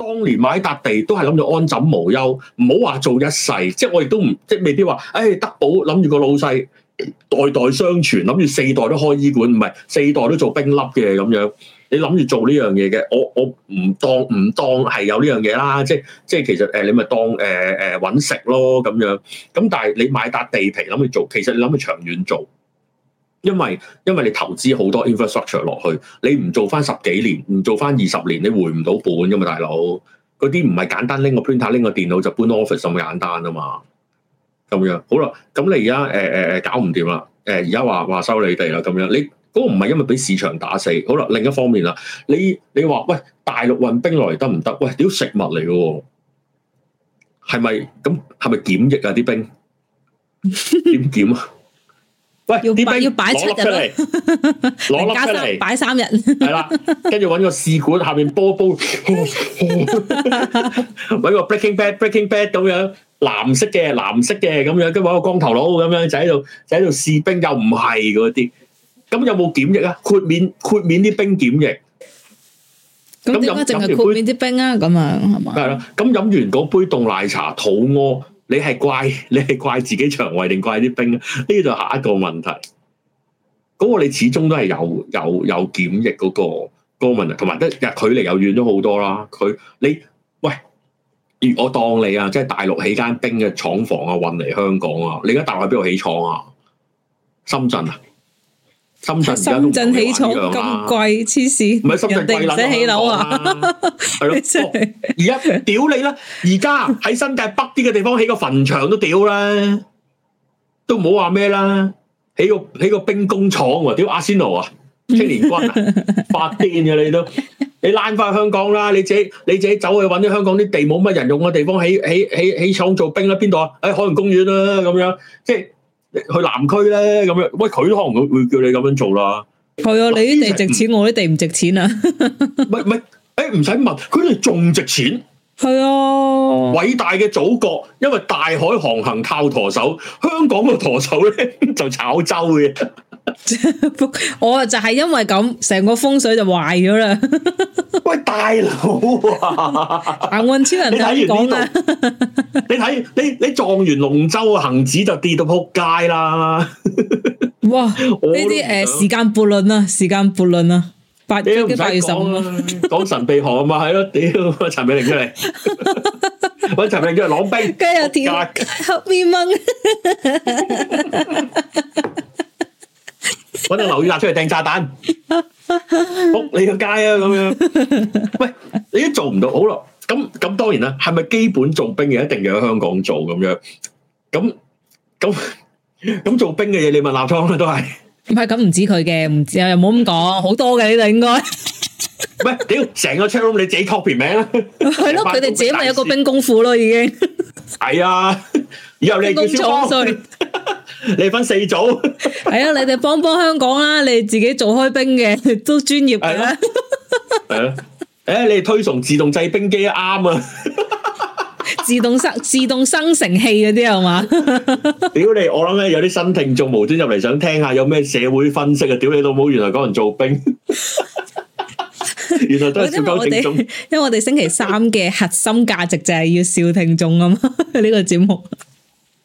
當年買笪地都係諗住安枕無憂，唔好話做一世，即係我亦都唔即係未必話，誒、哎、德保諗住個老細代代相傳，諗住四代都開醫館，唔係四代都做冰粒嘅咁樣，你諗住做呢樣嘢嘅，我我唔當唔當係有呢樣嘢啦，即係即係其實誒、呃、你咪當誒誒搵食咯咁樣，咁但係你買笪地皮諗住做，其實你諗住長遠做。因為因為你投資好多 infrastructure 落去，你唔做翻十幾年，唔做翻二十年，你回唔到本噶嘛，大佬。嗰啲唔係簡單拎個 printer 拎個電腦就搬 office 咁簡單啊嘛。咁樣，好啦，咁你而家誒誒誒搞唔掂啦，誒而家話話收你哋啦，咁樣，你嗰、嗰個唔係因為俾市場打死，好啦，另一方面啦，你你話喂，大陸運冰落嚟得唔得？喂，屌食物嚟嘅，係咪咁？係咪檢疫啊？啲冰點檢啊？ 喂，啲冰要擺放出嚟，攞粒出嚟，擺 三日，係啦了，跟住揾個試管下邊煲煲，揾 個 breaking bad breaking bad 咁樣，藍色嘅藍色嘅咁樣，跟住揾個光頭佬咁樣就喺度就喺度試冰，又唔係嗰啲，咁有冇檢疫啊？豁免豁免啲冰檢疫，咁點解淨係豁免啲冰啊？咁樣係嘛？係啦，咁飲完嗰杯凍奶茶，肚屙。你係怪你係怪自己腸胃定怪啲冰？呢就下一個問題。嗰個你始終都係有有有檢疫嗰個嗰個問題，同埋得日距離又遠咗好多啦。佢你喂，我當你啊，即係大陸起間冰嘅廠房啊，運嚟香港啊。你而家大陸喺邊度起廠啊？深圳啊？深圳而家都唔一樣啦，咁貴，黐線，人哋唔使起樓啊，係咯、啊，而家屌、啊、 你啦，而家喺新界北啲嘅地方起個墳場都屌啦，都唔好話咩啦，起個起個兵工廠喎，屌阿仙奴啊，青年軍啊，發癲啊你都，你攋翻香港啦，你自己你自己走去搵啲香港啲地冇乜人用嘅地方起起起起廠做兵啦，邊度啊？喺、哎、海洋公園啦、啊，咁樣，即係。去南區咧咁樣，喂佢都可能會叫你咁樣做啦。係啊，你啲地值錢，我啲地唔值錢啊。唔係唔係，誒唔使問，佢哋仲值錢。係啊，哦、偉大嘅祖國，因為大海航行靠舵手，香港嘅舵手咧就炒洲嘅。 我就係因為咁，成個風水就壞咗啦。喂，大佬啊，行運超人，你睇完講啦？你睇你你撞完龍舟，恆指就跌到撲街啦。哇！呢啲誒，時間悖論啊，時間悖論啊，八月嘅八月十，講神秘學啊嘛，係咯，屌，陳美玲出嚟，搵陳美玲嘅攞冰，今日點？黑面懵。揾個流宇立出嚟掟炸彈，仆你個街啊咁樣，喂，你都做唔到，好咯，咁咁當然啦，係咪基本做兵嘅一定要喺香港做咁樣，咁咁咁做兵嘅嘢，你問阿倉啦都係，唔係咁唔止佢嘅，唔止啊，又冇咁講，好多嘅你哋應該，喂，屌，成個 channel 你自己 topic 名啊，係咯，佢哋自己咪有個兵功夫咯，已經係啊，以後你叫消防稅。你分四組，係啊、哎！你哋幫幫香港啦，你哋自己做開冰嘅都專業嘅，係咯。誒、哎，你推崇自動製冰機啱啊！自動生自動生成器嗰啲係嘛？屌你！我諗咧有啲新聽眾無端入嚟想聽下有咩社會分析啊！屌你老母！原來講人做兵， 原來都係笑溝聽眾。因為我哋星期三嘅核心價值就係要笑聽眾啊嘛，呢、這個節目。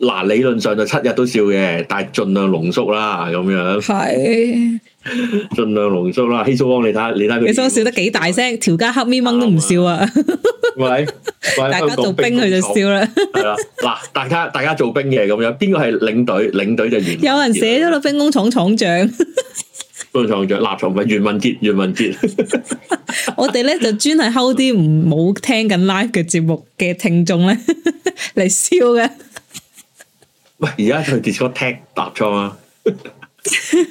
嗱，理論上就七日都笑嘅，但係儘量濃縮啦，咁樣。係，儘量濃縮啦。希蘇王，你睇下，你睇希蘇王笑得幾大聲，條家黑咪掹都唔笑啊！咪，大家做兵佢就笑啦。係啦，嗱，大家大家做兵嘅咁樣，邊個係領隊？領隊就完。有人寫咗個兵工廠廠長，兵工廠長臘腸咪袁文傑，袁文傑。我哋咧就專係溝啲唔冇聽緊 live 嘅節目嘅聽眾咧嚟笑嘅。喂，而家去 disco tech 立倉啊！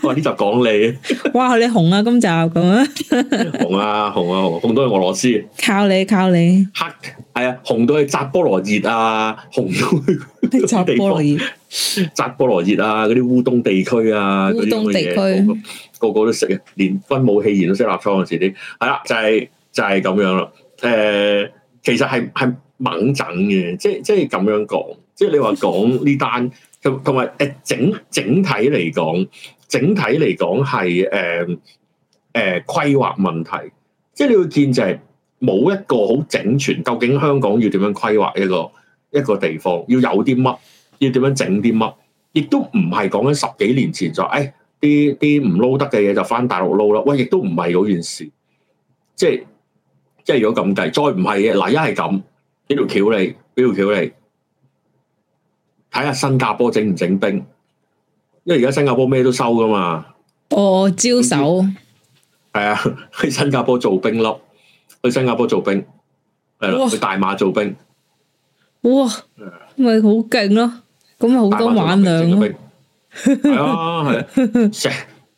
我 呢集講你，哇，你紅啊！今集咁 紅啊，紅啊，紅，紅，紅到去俄羅斯，靠你，靠你，黑係啊，紅到去扎波羅熱啊，紅到扎波羅熱，扎波羅熱啊，嗰啲烏冬地區啊，烏冬地區個個，個個都食啊，連軍武器員都識立倉嗰時啲，係啦， 就係、是、就係、是、咁樣咯。誒、呃，其實係係猛整嘅，即係即係咁樣講。即係你話講呢單同，同埋誒，整整體嚟講，整體嚟講係誒誒，規劃問題。即係你要見就係冇一個好整全，究竟，香港要點樣規劃一個一個地方，要有啲乜，要點樣整啲乜，亦都唔係講緊十幾年前就話，誒，啲啲唔撈得嘅嘢就翻大陸撈啦。喂，亦都唔係嗰件事。即係即係如果咁計，再唔係嘅，嗱，一係咁，呢度橋你。呢條橋你睇下新加坡整唔整冰？因為而家新加坡咩都收噶嘛。哦，招手。係啊，去新加坡做冰粒，去新加坡做冰，係咯，去大馬做冰！哇！咪好勁咯，咁咪好多馬糧。係啊，係石，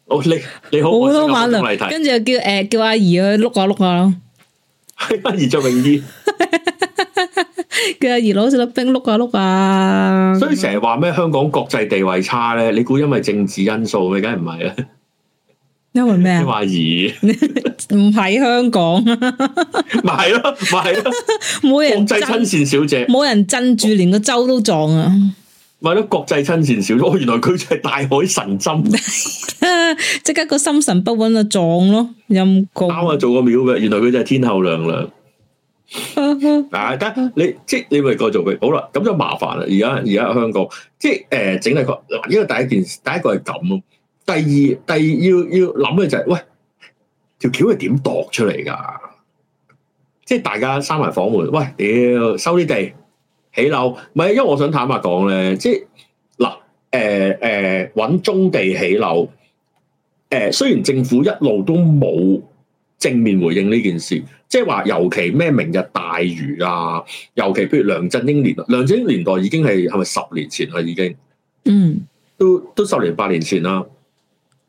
好你你好，好多馬糧，跟住叫誒叫阿姨去碌下碌下咯。阿姨着泳衣。佢阿爺攞住粒冰碌啊碌啊，所以成日話咩香港國際地位差咧？你估因為政治因素咩？梗係唔係啊？因為咩啊？因為唔喺香港咪係咯，咪係咯，冇 人震國際親善小姐，冇人震住連個洲都撞啊！咪咯、嗯，國際親善小姐，哦，原來佢就係大海神針，即 刻個心神不穩啊撞咯，陰公，啱啊做個廟嘅，原來佢就係天后娘娘。嗱、 啊，但你即你咪過做咪好啦，咁就麻煩啦。而家而家香港即誒、呃，整體個嗱，呢個第一件事，第一個係咁。第二，第二要要諗嘅就係、是，喂，條橋係點度出嚟噶？即係大家閂埋房門，喂，你要收啲地起樓，唔係，因為我想坦白講咧，即嗱，誒誒，搵、呃、棕、呃、地起樓，誒、呃，雖然政府一路都冇。正面回應呢件事，即係話尤其咩明日大嶼啊，尤其譬如梁振英年代。梁振英年代已經係係咪十年前啊已經，嗯，都都十年八年前啦，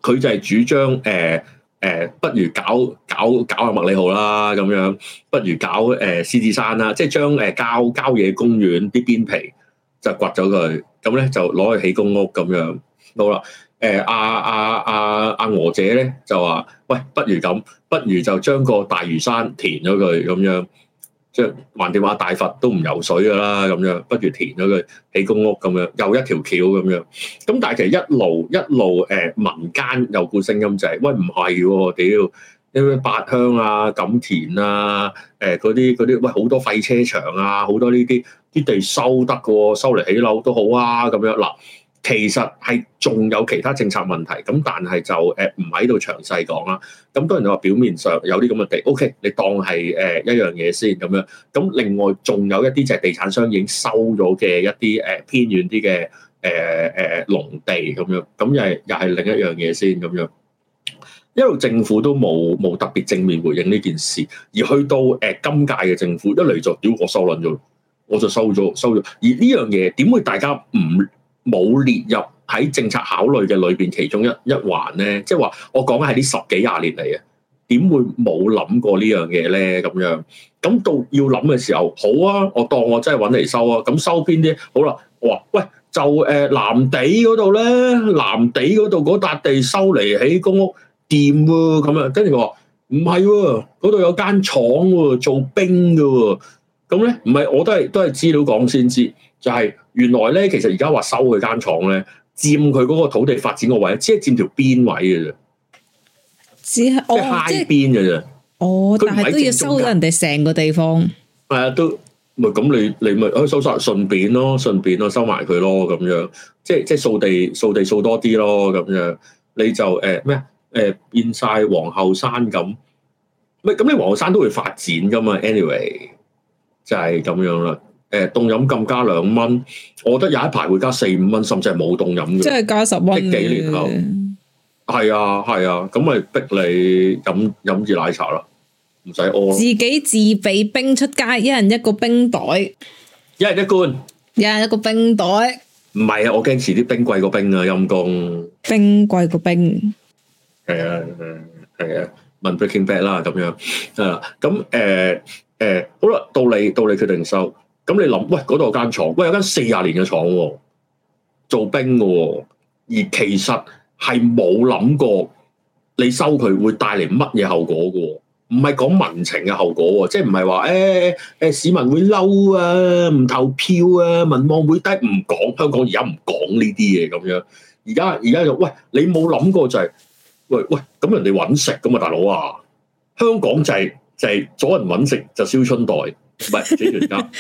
佢就係主張誒誒，不如搞搞搞下麥理浩啦咁樣，不如搞誒獅子山啦、啊，即係將誒郊郊野公園啲邊皮就掘咗佢，咁咧就攞去起公屋咁樣，好啦。誒阿阿阿阿娥姐咧就話，喂，不如咁，不如就將個大嶼山填咗佢咁樣，即係橫掂話大佛都唔游水噶啦，咁樣不如填咗佢起公屋咁樣，又一條橋咁樣。咁但係其實一路一路誒、呃、民間有個聲音就係、是，喂，唔係喎，屌、呃，因為八鄉啊、錦田啊、誒嗰啲嗰啲，喂好多廢車場啊，好多呢啲啲地收得嘅喎，收嚟起樓都好啊，咁樣嗱。其實係仲有其他政策問題，咁但係就誒唔喺度詳細講啦。咁當然就話表面上有啲咁嘅地，OK，你當係誒、呃、一樣嘢先咁樣。咁另外仲有一啲就係地產商已經收咗嘅一啲誒、呃、偏遠啲嘅誒誒農地咁樣，咁又係又係另一樣嘢先咁樣。一路政府都冇冇特別正面回應呢件事，而去到誒、呃、今屆嘅政府，一嚟就屌我收攤咗，我就收咗收咗。而呢樣嘢點會大家唔？冇列入喺政策考慮嘅裏面其中一一環咧，即係話我講緊係呢十幾廿年嚟嘅，點會冇諗過呢樣嘢咧？咁樣咁到要諗嘅時候，好啊，我當我真係揾嚟收啊！咁收邊啲好啦，啊？我話喂，就誒藍、呃、地嗰度咧，藍地嗰度嗰笪地收嚟起公屋掂喎，咁啊，跟住佢話唔係喎，嗰度、啊、有間廠喎，做冰喎、啊，咁咧唔係我都係都係資料講先知。就係原來咧，其實而家話收佢間廠咧，佔佢嗰個土地發展個位，只係佔條邊位嘅啫，只係即邊嘅啫。哦，但係都要收咗人哋成個地方。係啊、嗯嗯，都咪咁你你咪可以收晒，順便咯，順便咯，收埋佢咯，咁樣即係即係掃地掃地掃多啲咯，咁樣你就誒咩啊？誒、呃呃、變晒皇后山咁。咪咁你皇后山都會發展噶嘛？Anyway，就係咁樣啦。誒，凍飲咁加兩蚊，我覺得有一排會加四五蚊，甚至係冇凍飲嘅，即係加十蚊。幾年後啊？係啊，係啊，咁咪逼你飲飲住奶茶咯，唔使屙咯。自己自備冰出街，一人一個冰袋，一人一罐，一人一個冰袋。唔係啊，我驚遲啲冰貴過冰啊，陰公，冰貴過冰。係啊，係啊，係啊，問 Breaking Bad 啦咁樣啊，咁誒誒，好啦，到你到你決定收。咁你諗，喂，嗰度有間廠，喂，有間四十年嘅廠，做冰喎。而其實係冇諗過你收佢會帶嚟乜嘢後果喎，唔係講民情嘅後果，即係唔係話誒誒市民會嬲啊，唔投票啊，民望會低，唔講香港而家唔講呢啲嘢咁樣，而家而家就喂，你冇諗過就係、是，喂喂，咁人哋搵食，咁啊大佬啊，香港就係、是、就係、是、阻人搵食就燒春袋，唔係，即而家。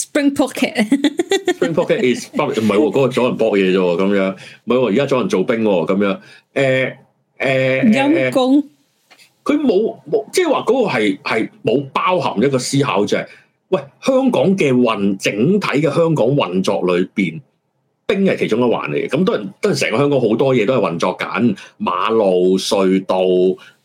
Spring pocket，Spring pocket is 唔係喎，嗰、那個阻人搏嘢啫喎，咁樣唔係喎，而家阻人做兵喎、喔，咁樣誒誒、欸欸欸、陰功公，佢冇冇，即係話，嗰個係冇包含一個思考，就係喂香港嘅運整體嘅香港運作裏邊，冰係其中一環嚟嘅，咁多人多人成個香港好多嘢都係運作緊，馬路隧道。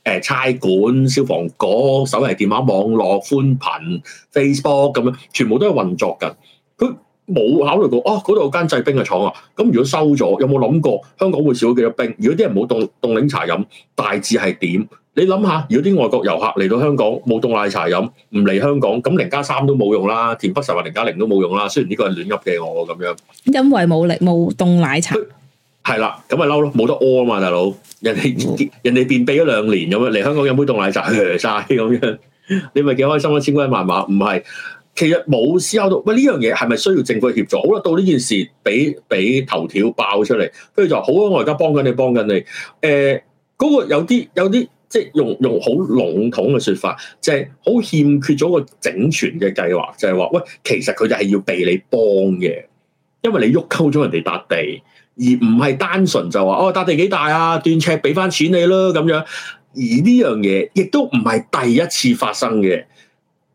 誒差館、消防局、手提電話、網絡寬頻、Facebook 咁樣，全部都係運作㗎。佢冇考慮過哦，嗰、啊、度有間製冰嘅廠啊。咁如果收咗，有冇諗過香港會少幾多冰？如果啲人冇凍凍檸茶飲，大致係點？你諗下，如果啲外國遊客嚟到香港冇凍奶茶飲，唔嚟香港，咁零加三都冇用啦，田北辰話零加零都冇用啦。雖然呢個係亂噏嘅我咁樣，因為冇力冇凍奶茶。係啦，咁咪嬲咯，冇得屙啊嘛，大佬！人哋、嗯、人哋便秘咗兩年咁樣嚟香港飲杯凍奶茶，㗱曬咁樣，你咪幾開心咯、啊，千軍萬馬！唔係，其實冇思考到，喂呢樣嘢係咪需要政府協助？好啦，到呢件事俾俾頭條爆出嚟，跟住就好啦，我而家幫緊你，幫緊你。誒、呃，嗰、那個有啲有啲，即、就、係、是、用用好籠統嘅說法，就係、是、好欠缺咗個整全嘅計劃，就係、是、話，喂，其實佢就係要被你幫嘅，因為你喐溝咗人哋笪地。而唔係單純就話哦，笪地幾大啊，斷尺俾翻錢你咯咁樣。而呢樣嘢亦都唔係第一次發生嘅。誒、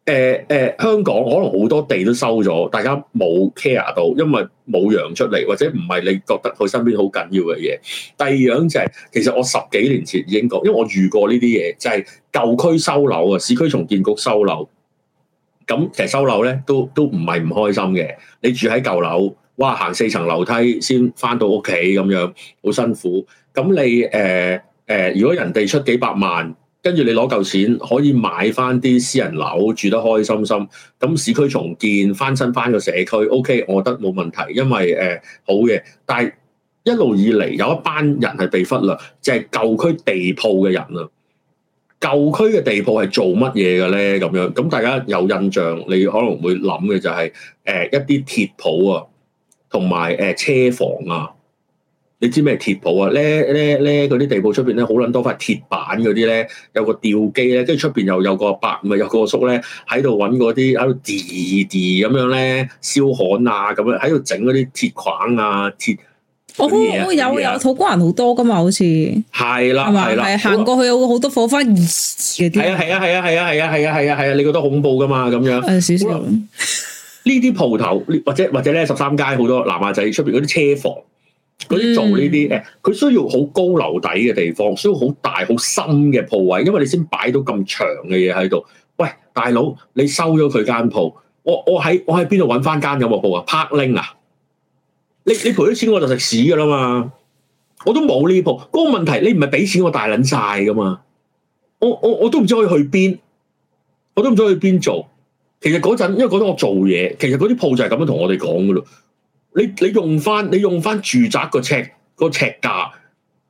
呃、誒、呃，香港可能好多地都收咗，大家冇 care 到，因為冇揚出嚟，或者唔係你覺得佢身邊好緊要嘅嘢。第二樣就係、是、其實我十幾年前已經講，因為我遇過呢啲嘢，就係舊區收樓啊，市區重建局收樓。咁其實收樓咧都都唔係唔開心嘅，你住喺舊樓。哇！行四層樓梯先翻到屋企咁樣，好辛苦。咁你誒誒、呃呃，如果人哋出幾百萬，跟住你攞嚿錢可以買翻啲私人樓住得開心心。咁市區重建翻新翻個社區，O K，我覺得冇問題，因為誒、呃、好嘅。但係一路以嚟有一班人係被忽略，就係舊區地鋪嘅人啦。舊區嘅地鋪係做乜嘢嘅咧？咁樣咁，大家有印象，你可能會諗嘅就係、是、誒、呃、一啲鐵鋪啊。同埋誒車房啊，你知咩鐵鋪啊？咧咧咧啲地鋪出邊咧，好撚多塊鐵板嗰啲咧，有個吊機咧，跟住出邊又有個伯，唔係有個叔咧，喺度揾嗰啲喺度 di di 咁樣咧，燒焊啊，咁樣喺度整嗰啲鐵框啊，鐵、oh, 哦。我有有土瓜灣好多噶嘛，好似。係啦，係啦，係啦，行過去有好多火花熱嘅啲。係啊，係啊，係啊，係啊，係啊，係啊，係啊，你覺得恐怖噶嘛？咁樣。少少。呢啲鋪頭，或者或者咧，十三街好多南亞仔出面嗰啲車房，嗰啲、嗯、做呢啲咧，佢需要好高樓底嘅地方，需要好大好深嘅鋪位，因為你先擺到咁長嘅嘢喺度。喂，大佬，你收咗佢間鋪，我我喺我喺邊度揾翻間咁嘅鋪啊？柏林啊？你你賠咗錢我就食屎噶啦嘛！我都冇呢鋪，嗰、嗰個問題你唔係俾錢我大撚晒噶嘛？我我我都唔知可以去邊，我都唔知可以邊做。其實嗰陣，因為嗰陣我做嘢，其實嗰啲鋪就係咁樣同我哋講噶咯。你你用翻，你用翻住宅個尺個尺價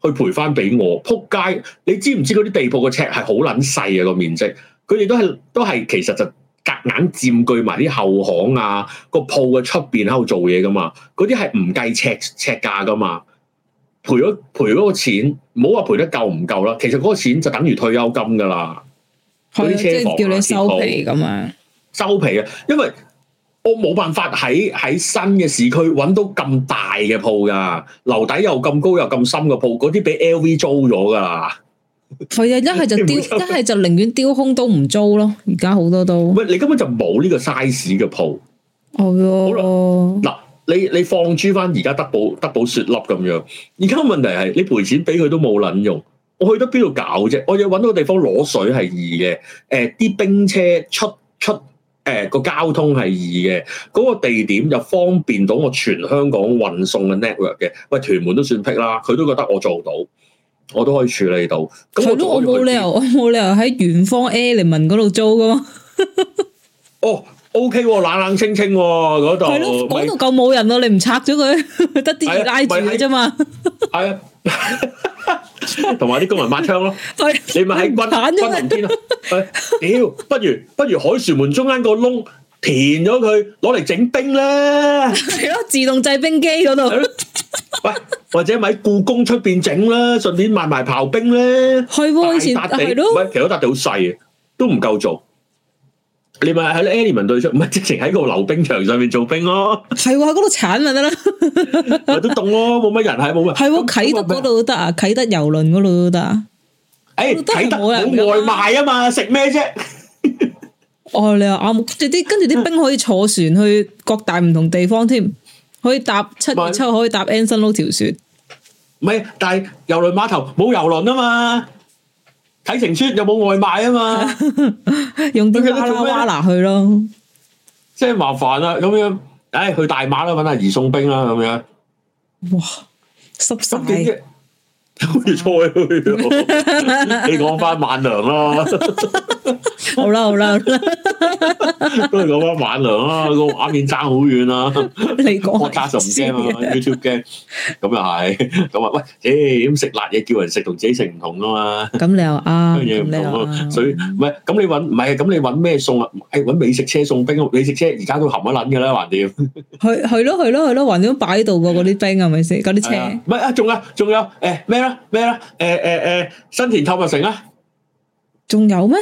去賠翻俾我。撲街！你知唔知嗰啲地鋪個尺係好捻細啊，個面積？佢哋都係都係，其實就夾硬佔據埋啲後巷啊，個鋪嘅出邊喺度做嘢噶嘛。嗰啲係唔計尺尺價噶嘛。賠咗賠咗個錢，唔好話賠得夠唔夠啦。其實嗰個錢就等於退休金噶啦。即係叫你收皮咁啊！收皮啊！因為我冇辦法喺喺新嘅市區揾到咁大嘅鋪噶，樓底又咁高又咁深嘅鋪，嗰啲俾 LV 租咗噶啦。係啊， 一係就丟，一係 就寧願丟空都唔租咯。而家好多都唔係你根本就冇呢個 size 嘅鋪。哦、oh yeah.，好啦，嗱，你你放豬翻而家德保德保雪粒咁樣，而家問題係你賠錢俾佢都冇撚用。我去到邊度搞啫？我要揾到個地方攞水係易嘅。誒、呃，啲冰車出出。誒、欸嗰個交通係易嘅，嗰、嗰個地點就方便到我全香港運送嘅 network 嘅。喂，屯門都算僻，僻啦，佢都覺得我做到，我都可以處理到。我都冇理由，冇理由喺遠方 Air Wing 嗰度租㗎嘛？ 哦。O K，冷冷清清嗰度，嗰度夠冇人咯，你唔拆咗佢，得啲人拉住你啫嘛。係啊，同埋啲工人抹窗咯，你咪喺軍軍林天咯。屌，不如不如海船門中間個窿填咗佢，攞嚟整冰啦。係咯，自動製冰機嗰度。喂，或者咪喺故宮出邊整啦，順便賣埋刨冰咧。係，以前笪地，喂，其實笪地好細啊，都唔夠做。你咪喺啲 Elements 對出，咪直情喺個溜冰場上面做冰咯。係喎，喺嗰度鏟咪得啦。都凍咯，冇乜人，係冇乜。係喎，啟德嗰度都得啊，啟德遊輪嗰度都得。誒，啟德冇外賣啊嘛，食咩啫？哦，你話啱，跟住啲跟住啲冰可以坐船去各大唔同地方，添可以搭七月七號可以搭 Anson Lo 嗰條船。唔係，但係遊輪碼頭冇遊輪啊嘛。睇晴村又有冇外賣啊嘛， 用啲點 拉拉瓦拿去咯，即係麻煩啦咁樣，唉、哎，去大馬啦，搵下移送兵啦、啊、咁樣，哇，濕濕嘅。好似菜咁樣，你講翻萬良啦，好啦好啦，不如講翻萬良啦，個畫面差好遠啦。你講，我就唔驚啊，YouTube 驚，咁又係，咁啊喂，咦，咁食辣嘢叫人食同自己食唔同噶嘛？咁你又啱，咩唔同啊？所以唔係咁你搵唔係咁你搵咩送啊？誒搵美食車送冰，美食車而家都冚一撚嘅啦，橫掂，去去咯去咯去咯，橫掂擺喺度嘅嗰啲冰係咪先？嗰啲車，唔係啊，仲有仲有誒咩啊？咩啦？誒誒誒，新田購物城啊，仲有咩？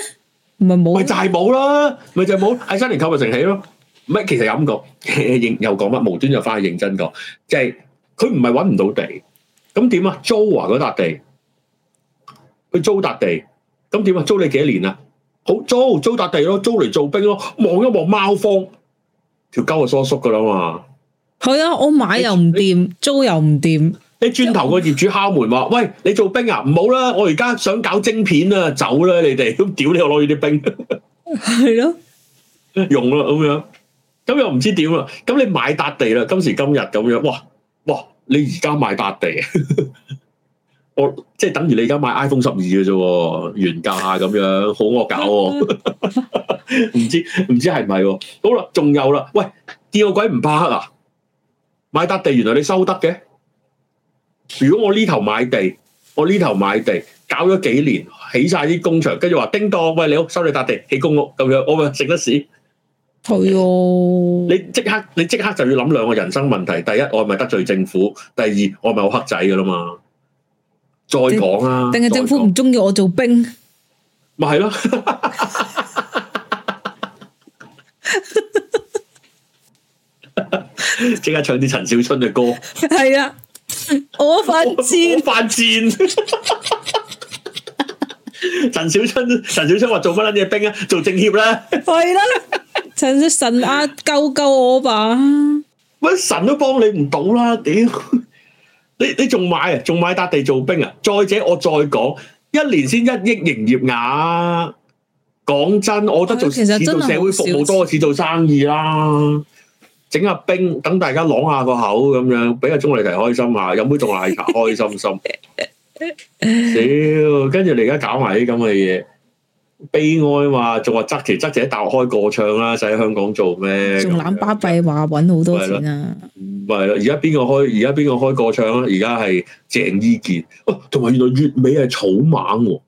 唔係冇，咪就係冇咯，咪就係冇喺新田購物城起咯。唔係，其實有咁講，認 又講乜？無端就翻去認真講，即係佢唔係搵唔到地，咁點啊？租啊嗰笪地，佢租笪地，咁點啊？租你幾多年啊？好租，租笪地咯，租嚟做兵咯。望一望貓風，條鳩就疏縮噶啦嘛。係啊，我買又唔掂，你租又唔掂。你轉頭個業主敲門話，喂，你做冰啊？唔好啦，我而家想搞晶片啊，走啦你哋，咁屌你！又攞住啲冰，係咯的，用啦咁樣，咁又唔知點啦，咁你買笪地啦，今時今日咁樣，哇哇，你而家買笪地， 我即係等於你而家買 iPhone 十二嘅啫，原價咁樣， 好惡搞，哦，唔 知唔知係唔係？好啦，仲有啦，喂，叫個鬼唔怕黑啊？買笪地原來你收得嘅？如果我呢頭買地，我呢頭買地，搞咗幾年，起晒啲工場，跟住話叮當，喂你好，收你笪地起公屋咁樣，我咪食得屎。係啊、哦，你即刻你即刻就要諗兩個人生問題，第一我咪得罪政府，第二我咪好黑仔噶啦嘛。再講啊，定係政府唔中意我做兵？咪係咯，即、就是、 刻唱啲陳小春嘅歌。係啊。我犯賤，我犯賤。陳小春，陳小春話做乜撚嘢兵啊？做政協啦，係啦。陳神啊，救救我吧！乜神都幫你唔到啦，屌！你你仲買啊？仲買笪地做兵啊？再者，我再講，一年先一億營業額。講真，我覺得做，其實真係少。做社會服務多，做生意啦、啊。整下冰，等大家啷下個口咁樣，俾個鐘你哋開心下，飲杯仲奶茶開心心。屌， 跟住你而家搞埋啲咁嘅嘢，悲哀啊嘛！仲話側田側田喺大學開過唱啦，使喺香港做咩？仲懶巴閉話搵好多錢啊！唔係，而家邊個開？而家邊個開過唱啊？而家係鄭伊健，哦、啊，同埋原來月尾係草蜢、哦。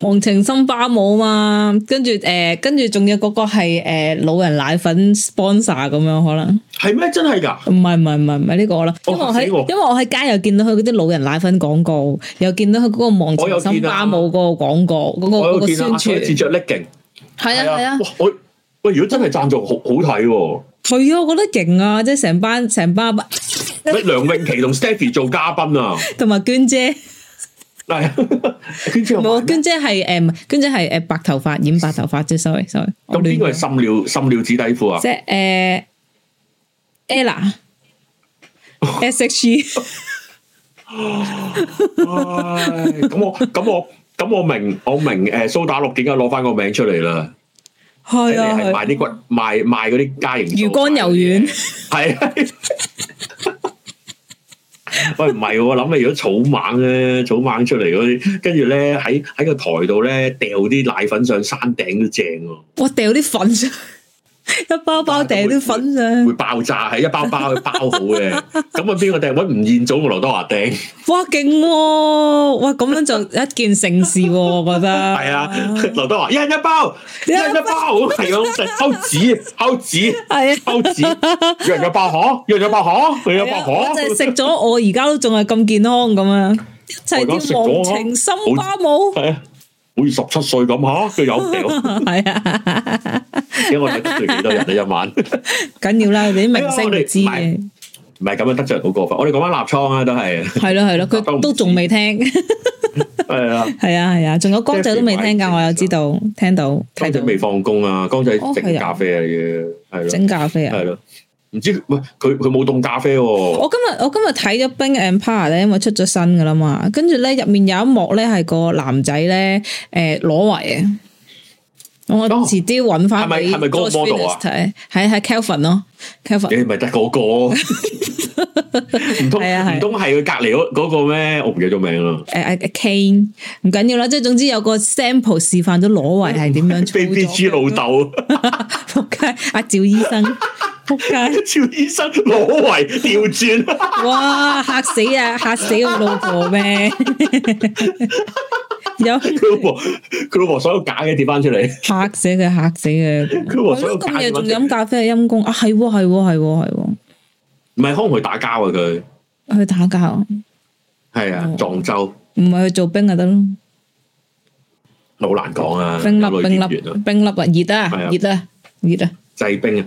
忘情森巴舞嘛，跟住誒，跟住仲有嗰個係誒、呃、老人奶粉 sponsor 咁樣，可能係咩？真係噶？唔係唔係唔係唔係呢個啦，哦、因為我喺因為我喺街又見到佢嗰啲老人奶粉廣告，又見到佢嗰個忘情森巴舞嗰個廣告，嗰、那個嗰個宣傳穿着叻勁，係啊係啊！啊哇，喂，如果真係贊助好好睇喎、啊，係啊，我覺得勁啊，即係成班成班，班 梁詠琪同 Stephy 做嘉賓啊，同埋娟姐。係，娟姐冇，娟姐係誒，娟姐係誒，白頭髮，染白頭髮啫，sorry，sorry。咁邊個係深料深料紙底褲啊？即係誒，Ella，S.H.E。咁我咁我咁我明我明誒，蘇打綠點解攞翻個名出嚟啦？係啊，係賣啲骨賣賣嗰啲家營魚肝油丸係。 喂，唔係我諗，如果草蜢咧，草蜢出嚟嗰啲，跟住咧喺喺個台度咧，掉啲奶粉上山頂都正喎，哦。我掉啲粉上，一包包掟啲粉上，會爆炸，係一包包去包好嘅。咁啊，邊個掟？搵吳彥祖同劉德華掟。哇，勁！哇，咁樣就一件盛事，我覺得。係啊，劉德華一人一包，一人一包，係咁食抽紙，抽紙，係啊，抽紙，樣樣爆殼，樣樣爆殼，樣樣爆殼。就食咗，我而家都仲係咁健康咁啊！一齊跌網，情深花舞。好似十七歲咁吓，佢有嘅。係啊，因為我哋得罪幾多人啊？一晚緊要啦，你啲明星知嘅。唔係咁樣得罪人好過分。我哋講翻立倉啊，都係。係咯係咯，佢都仲未聽。係啊。係啊係啊，仲有江仔都未聽噶，我又知道聽到。江仔未放工啊？江仔整咖啡啊？要係。整咖啡啊？係咯。唔知道喂佢佢冇凍咖啡喎、哦。我今日我今日睇咗《Beauty Empire》咧，因為出咗新噶啦嘛。跟住咧入面有一幕咧，係個男仔咧，誒裸圍啊。咁、哦、我遲啲揾翻係咪係咪嗰個 model 啊？喺喺 Kelvin 咯，Kelvin，你唔係得嗰個？唔通唔通係佢隔籬嗰嗰個咩？我唔記得名啦。誒誒，Kane，唔緊要啦，即係總之有個 sample 示範咗裸圍係點樣操 Baby G 老豆，仆街阿趙醫生。 扑街！趙醫生攞圍調轉，哇，嚇死啊，嚇死我老婆咩？有佢老婆，佢老婆所有假嘅跌翻出嚟，嚇死嘅，嚇死嘅，佢老婆咁夜仲飲咖啡陰公啊，係喎，係喎，係喎，係喎，唔係可能佢打交啊，佢去打交係啊，撞周唔係去做冰啊得咯，好難講啊，冰粒冰粒冰粒啊，熱啊熱啊熱啊製冰啊！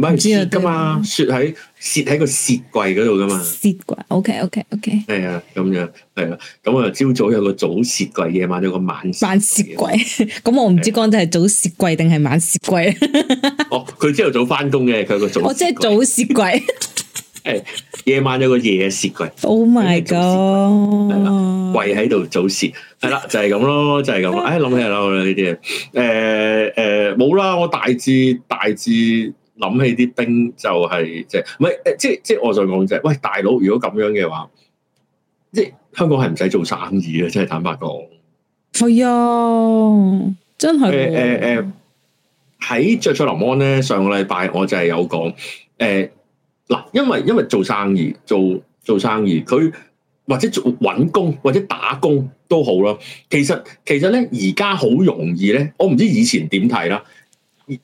唔係唔知啊，㗎嘛，雪喺雪喺個雪櫃嗰度㗎嘛。雪櫃 ，OK OK OK。係啊，咁樣係啊，咁啊，朝、嗯、早有個早雪櫃，夜晚有個晚雪櫃。咁我唔知講真係早雪櫃定係晚雪櫃。哦，佢朝頭早翻工嘅，佢有個早。我即係早雪櫃。誒， 夜晚有個夜雪櫃。Oh my god！係啦，櫃喺度早雪，係啦，就係、是、咁咯，就係、是、咁。哎，諗起就嬲啦呢啲嘢。誒、欸、誒，冇、呃、啦，我大致大致。諗起啲丁就係即係，唔係誒，即係即係我再講就係，喂大佬，如果咁樣嘅話，即係香港係唔使做生意嘅，真係坦白講，係、欸、啊，真係誒誒誒，喺雀雀林安咧，上個禮拜我就係有講誒嗱，因為因為做生意做做生意，佢或者做揾工或者打工都好啦，其實其實咧而家好容易咧，我唔知以前點睇啦。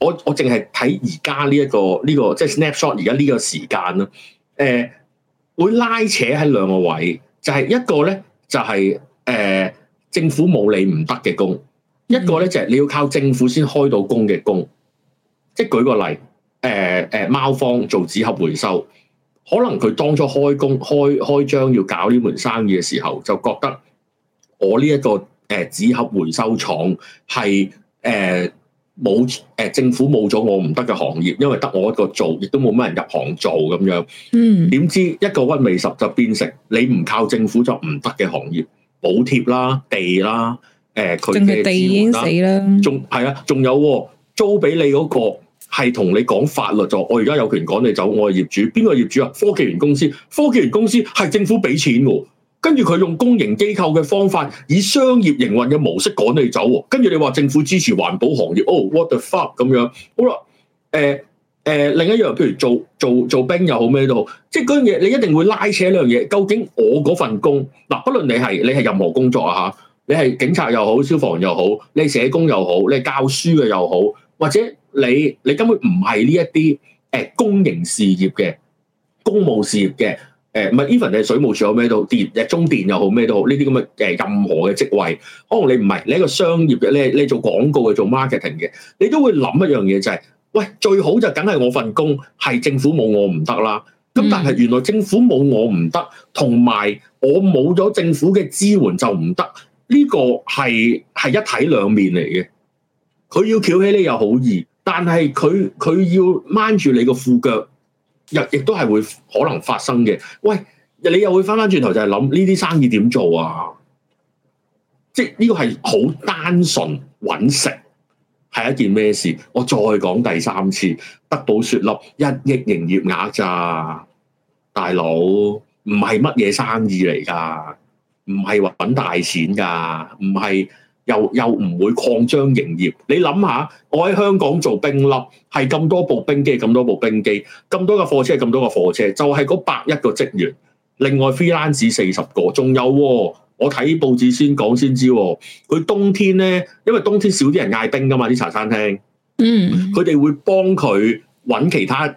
我我淨係睇而家呢一個呢、這個即係 snapshot 而家呢個時間啦，誒、呃、會拉扯喺兩個位，就係、是、一個咧就係、是、誒、呃、政府冇你唔得嘅工，一個咧就係、是、你要靠政府先開到工嘅工。即係舉個例，誒、呃、誒、呃、喵坊做紙盒回收，可能佢當初開工開開張要搞呢門生意嘅時候，就覺得我呢、這、一個誒紙、呃、盒回收廠係誒。呃冇誒，政府冇咗我唔得嘅行業，因為得我一個做，亦都冇乜人入行做咁樣。嗯，點知一個屈尾十就變成你唔靠政府就唔得嘅行業補貼啦、地啦，誒佢嘅地啦，仲係啊，仲有、哦、租俾你嗰個係同你講法律就我而家有權趕你走。我係業主，邊個業主啊？科技園公司，科技園公司係政府俾錢喎。跟住佢用公營機構嘅方法，以商業營運嘅模式趕你走。跟住你話政府支持環保行業，哦，what the fuck 咁樣？好啦，誒、呃呃，另一樣，譬如做做做做兵又好，咩都好，即係嗰樣嘢，你一定會拉扯呢樣嘢。究竟我嗰份工嗱，不論你係你係任何工作啊嚇，你係警察又好，消防又好，你係社工又好，你係教書嘅又好，或者你你根本唔係呢一啲誒公營事業嘅公務事業嘅。誒唔係 even 你係水務署，有咩都電，誒中電又好咩都好，呢啲咁嘅誒任何嘅職位，可能你唔係你係個商業嘅，你你做廣告嘅，做 marketing 嘅，你都會諗一樣嘢就係、是，喂最好就梗係我份工係政府冇我唔得啦，咁但係原來政府冇我唔得，同埋我冇咗政府嘅支援就唔得，呢、這個係係一體兩面嚟嘅，佢要翹起你又好易，但係佢佢要掹住你個褲腳。.日亦都係會可能發生嘅，喂，你又會翻翻轉頭就係諗呢啲生意點做啊？即係呢個係好單純揾食，係一件咩事？我再講第三次，德保雪粒一億營業額咋，大佬唔係乜嘢生意嚟噶，唔係揾大錢噶，唔係。又又唔會擴張營業。你諗下，我喺香港做冰粒，係咁多部冰機，咁多部冰機，咁多嘅貨車，咁多個貨車，就係嗰百一個職員，另外 freelance 四十個，仲有我睇報紙先講先知。佢冬天呢，因為冬天少啲人嗌冰噶嘛，啲茶餐廳。嗯，佢哋會幫佢揾其他。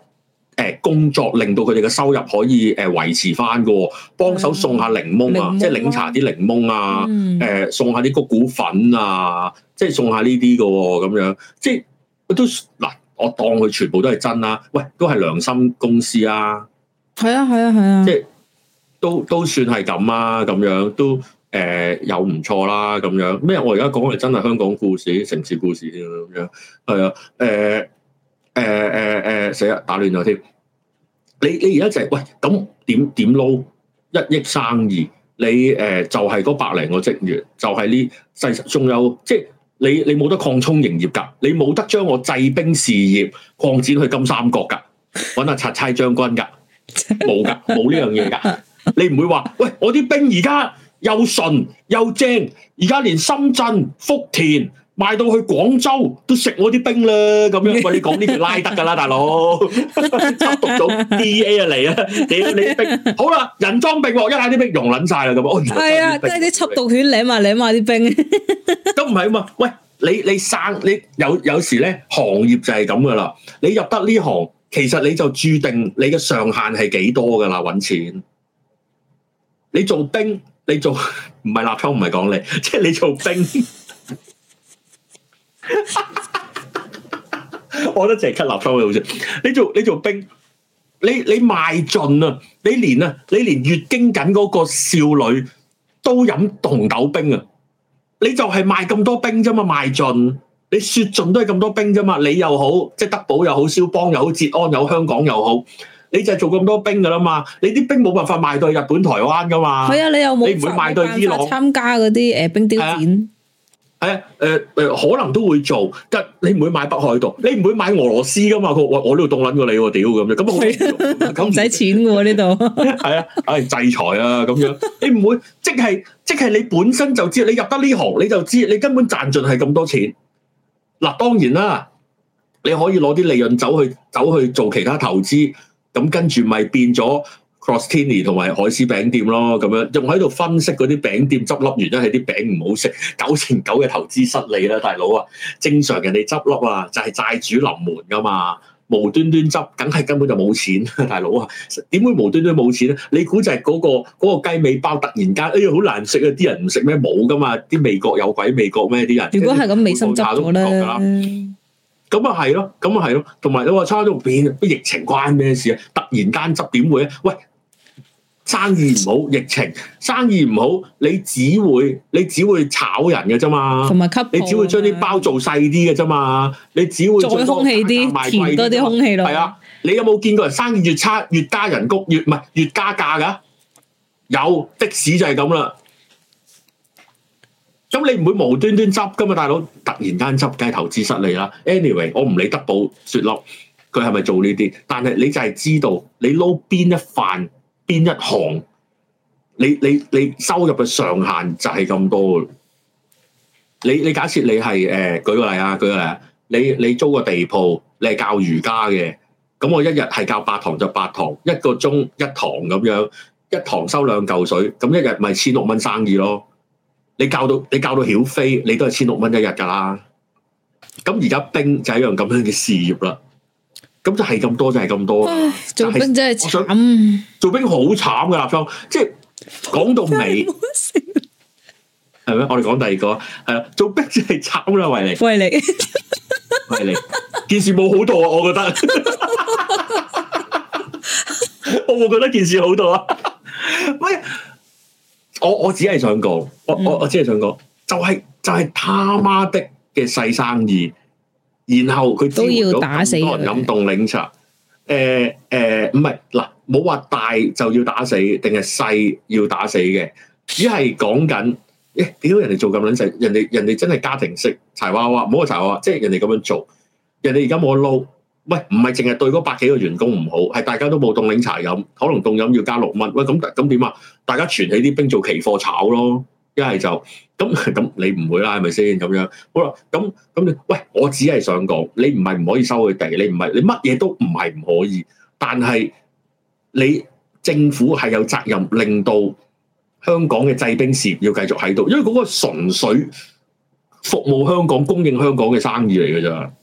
誒工作令到佢哋嘅收入可以誒維持翻㗎，幫手送下檸檬啊、嗯，即係檸茶啲檸檬啊，誒送下啲谷古粉啊，即係送下呢啲嘅咁樣，即係我都嗱，我當佢全部都係真啦。喂，都係良心公司啊，係啊，係啊，係啊，即係都都算係咁啊，咁樣都誒、呃、有唔錯啦，咁樣咩？我而家講嘅真係香港故事、城市故事先啦，咁樣係啊，誒。呃誒誒誒，死啦打亂咗添。你你而家就係、是、喂，咁點點撈一億生意？你誒、呃、就係、是、嗰百零個職員，就係、是、呢，世仲有即係你你冇得擴充營業㗎，你冇得將我製冰事業擴展去金三角㗎，揾下察差將軍㗎，冇㗎， 冇呢樣嘢㗎。你唔會話喂，我啲冰而家又純又正，而家連深圳福田。賣到去廣州都食我啲冰啦，咁樣喂！你講呢條拉得噶啦，大佬緝毒組 D A 啊嚟啊！屌你啲冰，好啦，人裝冰喎，一睇啲冰溶撚晒啦，咁啊，係啊著，即係啲緝毒犬舐埋舐埋啲冰，著著著著都唔係啊嘛？喂，你你生你，你，你有有時咧，行業就係咁噶啦。你入得呢行，其實你就注定你嘅上限係幾多噶啦，搵錢。你做冰，你做唔係立秋，唔係講你，即係、就是、你做冰。 我覺得就係吸納方面好少。你做你做冰你你賣盡啊，你連啊，你連月經緊嗰個少女都飲凍豆冰啊！你就係賣咁多冰啫嘛，賣盡你雪盡都係咁多冰啫嘛。你又好即係德保又好，肖邦又好，捷安又好，香港又好，你就係做咁多冰噶啦嘛。你啲冰冇辦法賣到去日本、台灣噶嘛？係啊，你又冇你唔會賣到伊朗，參加嗰啲誒冰雕展。係啊，誒、呃、誒，可能都會做，但你唔會買北海道，你唔會買俄羅斯噶嘛？佢喂，我呢度凍撚過你喎，屌咁樣，咁咁唔使錢噶喎呢度。係 啊，誒、哎，制裁啊咁樣， 你唔會，即係即係你本身就知，你入得呢行你就知，你根本賺盡係咁多錢。嗱、啊，當然啦，你可以攞啲利潤走去走去做其他投資，咁跟住咪變咗。CrossTini 同埋海絲餅店咯，咁樣仲喺度分析嗰啲餅店執笠原因係啲餅唔好食，九成九嘅投資失利啦，大佬啊！正常人哋執笠啊，就係債主臨門噶嘛，無端端執，梗係根本就冇錢大佬啊！點會無端端冇錢咧？你估就係嗰個嗰個雞尾包突然間哎呀好難食啊，啲人唔食咩冇噶嘛？啲味覺有鬼味覺咩啲人？如果係咁，美心執咗咧，咁啊係咯，咁啊係咯，同埋你話差咗變，疫情關咩事啊？突然間執點會咧？喂！生意唔好，疫情生意唔好，你只會你只會炒人嘅啫嘛，同埋吸你只會將啲包做細啲嘅啫嘛，你只會做空氣啲，賣貴填多啲空氣咯。係啊，你有冇見過人生意越差越加人工、越唔係越,越加價噶？有的士就係咁啦。咁你唔會無端端執噶嘛，大佬突然間執，梗係投資失利啦。Anyway，我唔理德保雪粒，佢係咪做呢啲？但係你就係知道你撈邊一瓣。邊一行？你你你收入嘅上限就係咁多。你你假設你係誒、呃、舉個例啊，舉個例啊，你你租個地鋪，你係教瑜伽嘅，咁我一日係教八堂就八堂，一個鐘一堂咁樣，一堂收兩嚿水，咁一日咪千六蚊生意咯。你教到你教到曉飛，你都係千六蚊一日㗎啦。咁而家冰就係一樣咁樣嘅事業啦。咁就係咁多，就係咁多。做冰真係慘，做冰好慘㗎。立章，即係講到尾，係咩？我哋講第二個，係啦，做冰真係慘啦，維尼，維尼力，維尼， 件事冇好多啊，我覺得， 我冇覺得件事好多啊，喂，我只想我，我只係想講，我我我只係想講，就係，就係他媽的嘅細生意。然後佢都要打死多人飲凍檸茶，誒誒，唔係嗱，冇、呃、話大就要打死，定係細要打死嘅，只係講緊，咦？屌人哋做咁卵細，人哋人哋真係家庭式柴娃娃，冇個柴娃，即係、就是、人哋咁樣做，人哋而家冇得撈，喂，唔係淨係對嗰百幾個員工唔好，係大家都冇凍檸茶飲，可能凍飲要加六蚊，喂，咁咁點啊？大家存起啲冰做期貨炒咯。一係就咁咁，你唔會啦，係咪先咁樣？好啦，咁咁你，喂，我只係想講，你唔係唔可以收佢地，你唔係你乜嘢都唔係唔可以，但係你政府係有責任令到香港嘅製冰事業要繼續喺度，因為嗰個純粹服務香港、供應香港嘅生意嚟㗎咋。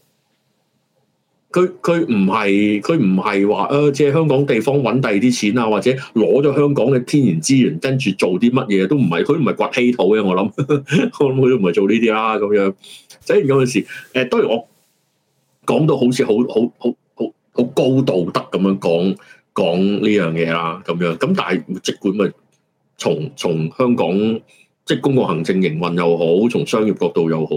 佢佢唔係佢唔係話啊，即係香港地方揾第二啲錢啊，或者攞咗香港嘅天然資源跟住做啲乜嘢都唔係，佢唔係掘稀土嘅、啊。我諗，我諗佢都唔係做呢啲啦。咁樣，所以有陣時，誒、欸、當然我講到好似好好好好好高道德咁樣講講呢樣嘢啦。咁樣咁，但係即管咪從從香港即係、就是、公共行政營運又好，從商業角度又好，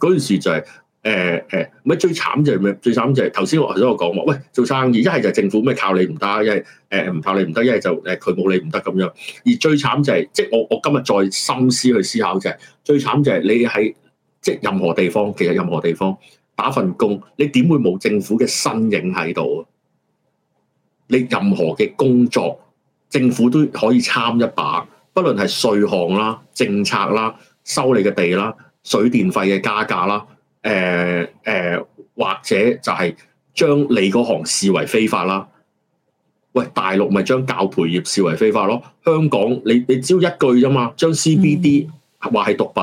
嗰件就係、是。誒誒，唔係最慘就係咩？最慘就係頭先我頭先我講喎，喂，做生意一係就政府咩靠你唔得，一係誒唔靠你唔得，一係就誒佢冇你唔得咁樣。而最慘就係，即係我我今日再深思去思考就係，最慘就係你喺即係任何地方，其實任何地方打份工，你點會冇政府嘅身影喺度啊？你任何嘅工作，政府都可以參一把，不論係稅項啦、政策啦、收你嘅地啦、水電費嘅價格啦。誒誒、呃呃，或者就係將你嗰行視為非法啦。喂，大陸咪將教培業視為非法咯？香港你你只要一句啫嘛，將 CBD 話係毒品，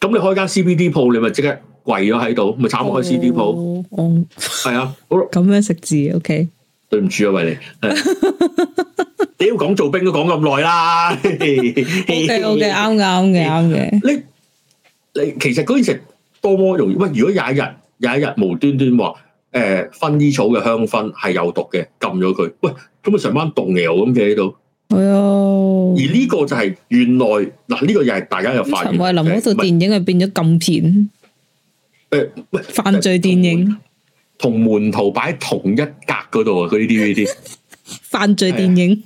咁、嗯、你開間 CBD 鋪，你咪即刻跪咗喺度，咪慘開 CD 鋪。哦，係啊，好咁樣食字，OK。對唔住啊，喂 你你。要講做兵都講咁耐啦。O K O K，啱啱嘅，啱嘅。你你其實嗰陣時。多麼容易？喂，如果有一日有一日無端端話，誒、呃、薰衣草嘅香薰係有毒嘅，禁咗佢，喂，咁啊成班毒牛咁企喺度。係啊、哎呦。而呢個就係原來嗱，呢、呢個又係大家又發現、嗯。陳慧琳嗰套電影係變咗禁片。誒、欸，喂犯罪電影同門,門徒擺喺同一格嗰度啊！嗰啲 D V 犯罪電影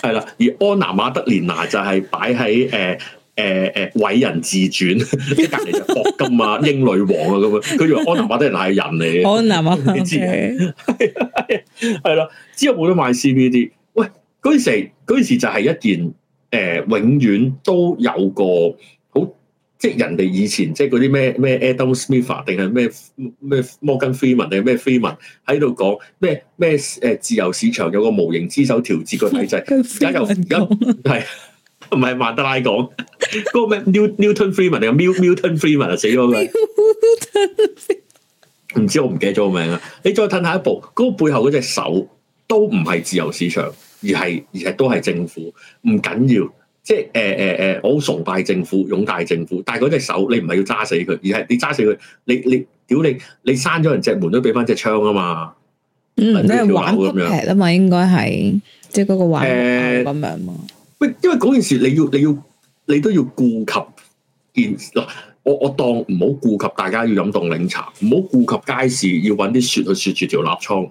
係啦、哎，而安娜馬德蓮娜就係擺喺誒。呃誒誒，偉、呃呃、人自傳，隔籬就霍金啊、 英女王啊咁樣，佢以為安南馬德乃係人嚟嘅，安南馬，你知係係咯，之後冇得賣 C V D。喂，陣時，陣時就係一件誒、呃，永遠都有個好，即、就、係、是、人哋以前即係嗰啲咩咩 Adam Smith 定、er, 係咩咩 Morgan Freeman 定係咩 Freeman 喺度講咩咩誒自由市場有個無形之手調節個體制，而家又而家係。說的唔係曼德拉講，嗰、那個咩 New, Newton Freeman 定係 Mil, Milton Freeman 死咗佢。唔 知我唔記得咗個名啊。你再褪下一步，嗰、那個背後嗰隻手都唔係自由市場，而係而係都係政府。唔緊要，要，即係誒誒誒，我好崇拜政府，擁戴政府。但係嗰隻手，你唔係要揸死佢，而係你揸死佢，你你屌你，你閂咗人隻門都俾翻隻槍啊嘛。嗯，你係、嗯、玩 puppet 嘛，應該係、嗯、即係嗰個玩咁樣嘛。呃因為嗰件事，你要你要你都要顧及件嗱，我我當唔好顧及大家要飲凍檸茶，唔好顧及街市要揾啲雪去雪住條臘倉，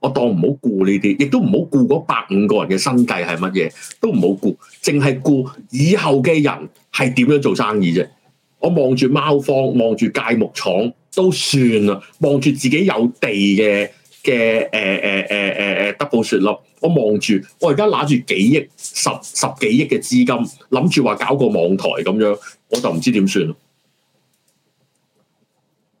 我當唔好顧呢啲，亦都唔好顧嗰百五個人嘅生計係乜嘢，都唔好顧，淨係顧以後嘅人係點樣做生意啫。我望住喵坊，望住芥木廠都算啦，望住自己有地嘅。嘅誒誒誒誒誒德保雪粒，我望住我而家拿住幾億十十幾億嘅資金，諗住話搞個網台咁樣，我就唔知點算咯。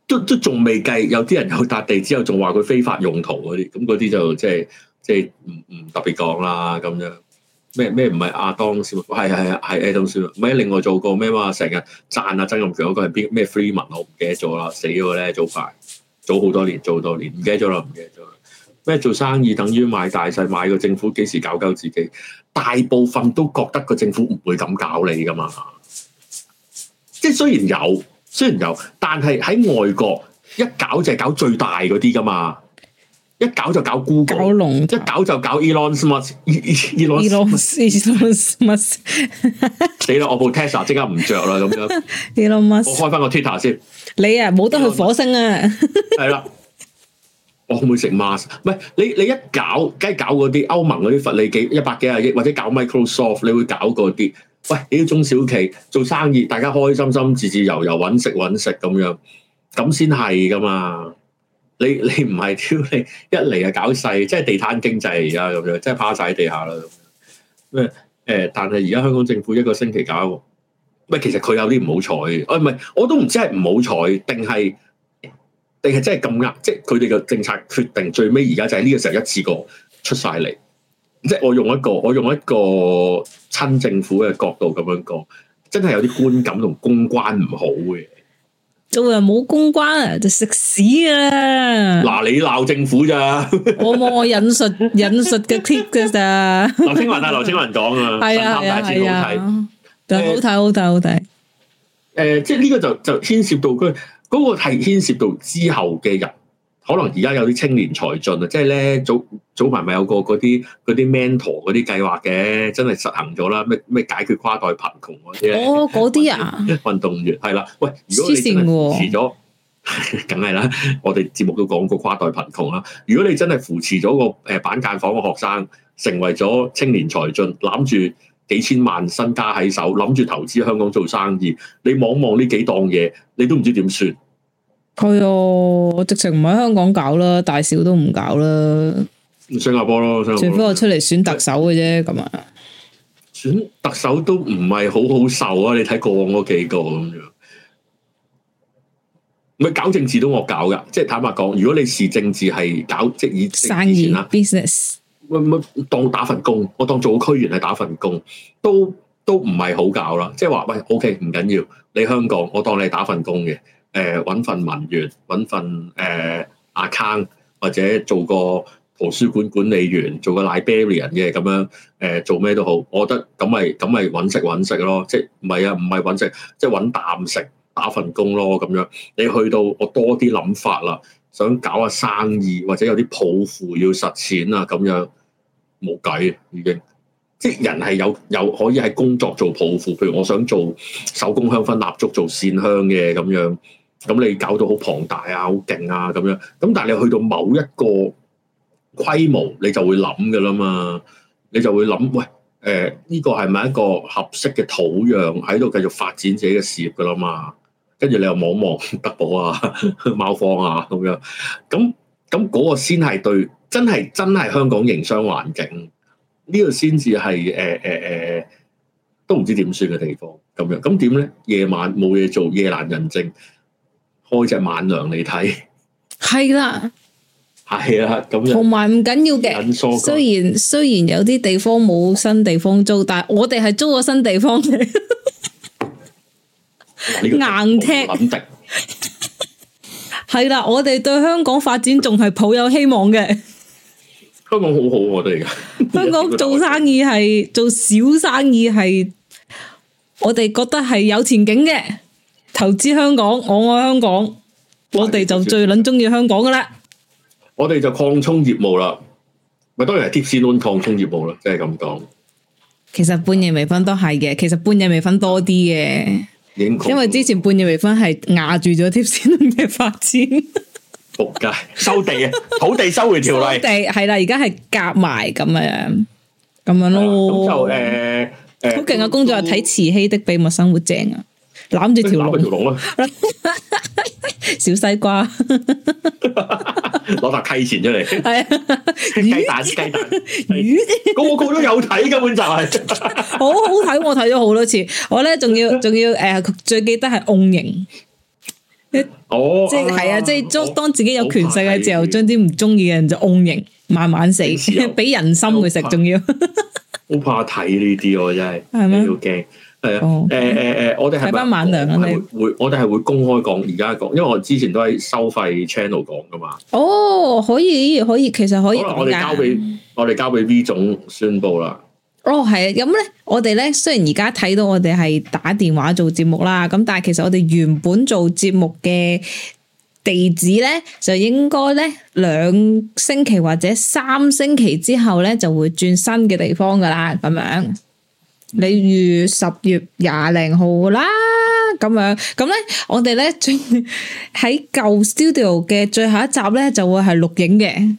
都都仲未計，有啲人去笪地之後，仲話佢非法用途嗰啲，咁嗰啲就即係即係唔唔特別講啦。咁樣咩咩唔係亞當先？係係係亞當先？唔係另外做過咩嘛？成日讚啊曾蔭權嗰個係邊咩？Freeman 我唔記得咗啦，死咗咧早排，早好多年，早好多年唔記得咗啦，唔記得。咩做生意等於買大細，買個政府，幾時搞鳩自己？大部分都覺得個政府唔會咁搞你噶嘛。即係雖然有，雖然有，但係喺外國一搞就係搞最大嗰啲噶嘛。一搞就搞 Google，一搞就搞 Elon Musk，Elon Musk 死啦！我部 Tesla 即刻唔着啦咁樣。 Elon、e、Musk，我開翻個 Twitter 先。你啊，冇得去火星啊。係啦。我會唔會食 mask？唔係你你一搞，梗係搞嗰啲歐盟嗰啲罰你幾一百幾廿億，或者搞 Microsoft，你會搞嗰啲。喂，啲中小企做生意，大家開開心心智智、自自由由揾食揾食咁樣，咁先係噶嘛。你你唔係挑你一嚟係搞細，即係地攤經濟而家咁樣，即係趴晒喺地下啦咁。咩誒？但係而家香港政府一個星期搞，唔咪其實佢有啲唔好彩。哎，唔係我都唔知係唔好彩定係。定係真係咁啱，即係佢哋嘅政策決定最尾而家就係呢個時候一次過出晒嚟，即係我用一個我用一個親政府嘅角度咁樣講，真係有啲觀感同公關唔好嘅。做人冇公關、啊、就食屎啦！嗱，你鬧政府咋？我冇我引述 引述嘅貼噶咋？劉青雲啊，劉青雲講啊， 啊神探大戰好睇，但係、啊啊啊呃、好睇好睇好睇。誒、呃，即係呢個就就牽涉到佢。嗰個係牽涉到之後嘅人，可能而家有啲青年才俊啊，即係咧早早排咪有個嗰啲嗰啲 mentor 嗰啲計劃嘅，真係實行咗啦，咩咩解決跨代貧窮嗰啲？哦，嗰啲啊，運動員係啦，喂，如果你遲咗，梗係啦，我哋節目都講過跨代貧窮啦。如果你真係扶持咗個誒板間房嘅學生，成為咗青年才俊，攬住。幾千萬身家喺手，諗住投資香港做生意，你望望呢幾檔嘢，你都唔知點算。係啊、哦，我直情唔喺香港搞啦，大小都唔搞啦。新加坡咯，新加坡。除非我出嚟選特首嘅啫，咁啊即。樣選特首都唔係好好受啊！你睇過往嗰幾個咁樣，咪搞政治都惡搞噶。即係坦白講，如果你是政治係搞，即係生意 business 唔唔當打份工，我當做個區員係打份工，都都唔係好搞啦。即係話，喂，OK，唔緊要，你香港，我當你係打份工嘅。誒、呃，揾份文員，揾份誒、呃、account，或者做個圖書館管理員，做個 librarian 嘅咁樣，誒、呃、做咩都好，我覺得咁咪咁咪揾食揾食咯。即係唔係啊？唔係揾食，即係揾啖食，打份工咯咁樣。你去到我多啲諗法啦，想搞下生意或者有啲抱負要實踐啊咁樣。冇計，已經即人係有有可以喺工作做抱負，譬如我想做手工香薰蠟燭、做線香嘅咁樣，咁你搞到好龐大啊，好勁啊咁樣，咁但係你去到某一個規模，你就會諗嘅啦嘛，你就會諗喂，誒，呢個係咪一個合適嘅土壤喺度繼續發展自己嘅事業嘅啦嘛？跟住你又望望德保啊、喵坊啊咁樣，咁咁嗰個先係對。真係真係，香港營商環境呢個先至係誒誒誒都唔知點算嘅地方咁樣，咁點咧？夜晚冇嘢做，夜闌人靜，開隻晚娘嚟睇，係啦的，係啦，咁樣，同埋唔緊要嘅，雖然雖然有啲地方冇新地方租，但係我哋係租個新地方嘅、 就是、硬踢，係啦， 我哋對香港發展仲係抱有希望嘅。香港好好、啊、喎，我哋而家香港做生意係做小生意係，我哋覺得係有前景嘅。投資香港，我愛香港，哇我哋就最捻中意香港噶啦。我哋就擴充業務啦，咪當然係貼線輪擴充業務啦，即係咁講。其實半夜微醺都係嘅，其實半夜微醺多啲嘅，因為之前半夜微醺係壓住咗貼線輪嘅發展。仆街收地啊，土地收回條例。土地係啦，而家係夾埋咁樣，咁樣咯。咁就誒，好勁啊！工作係睇慈禧的秘密生活正啊，攬住條攬住條龍啦，小西瓜攞溪錢出嚟。係啊，雞蛋雞蛋魚，個個都有睇噶本集，好好睇，我睇咗好多次。我咧仲要仲要誒，最記得係翁虹。哦，即係啊，即係將當自己有權勢嘅時候，將啲唔中意嘅人就翁型，慢慢死，俾人心去食，仲要，好怕睇呢啲，我真係，係咩？要驚，誒誒誒誒，我哋係咪？會會，我哋係會公開講而家講，因為我之前都喺收費 channel 講噶嘛。哦，可以，可以，其實可以。好啦，我哋交俾我哋交俾 V 總宣布啦。哦，係啊，咁咧，我哋咧，雖然而家睇到我哋係打電話做節目啦，咁但係其實我哋原本做節目嘅地址咧，就應該咧兩星期或者三星期之後咧，就會轉新嘅地方噶啦，咁樣。例如十月廿零號啦，咁樣，咁咧，我哋咧，喺舊 studio 嘅最後一集咧，就會係錄影嘅。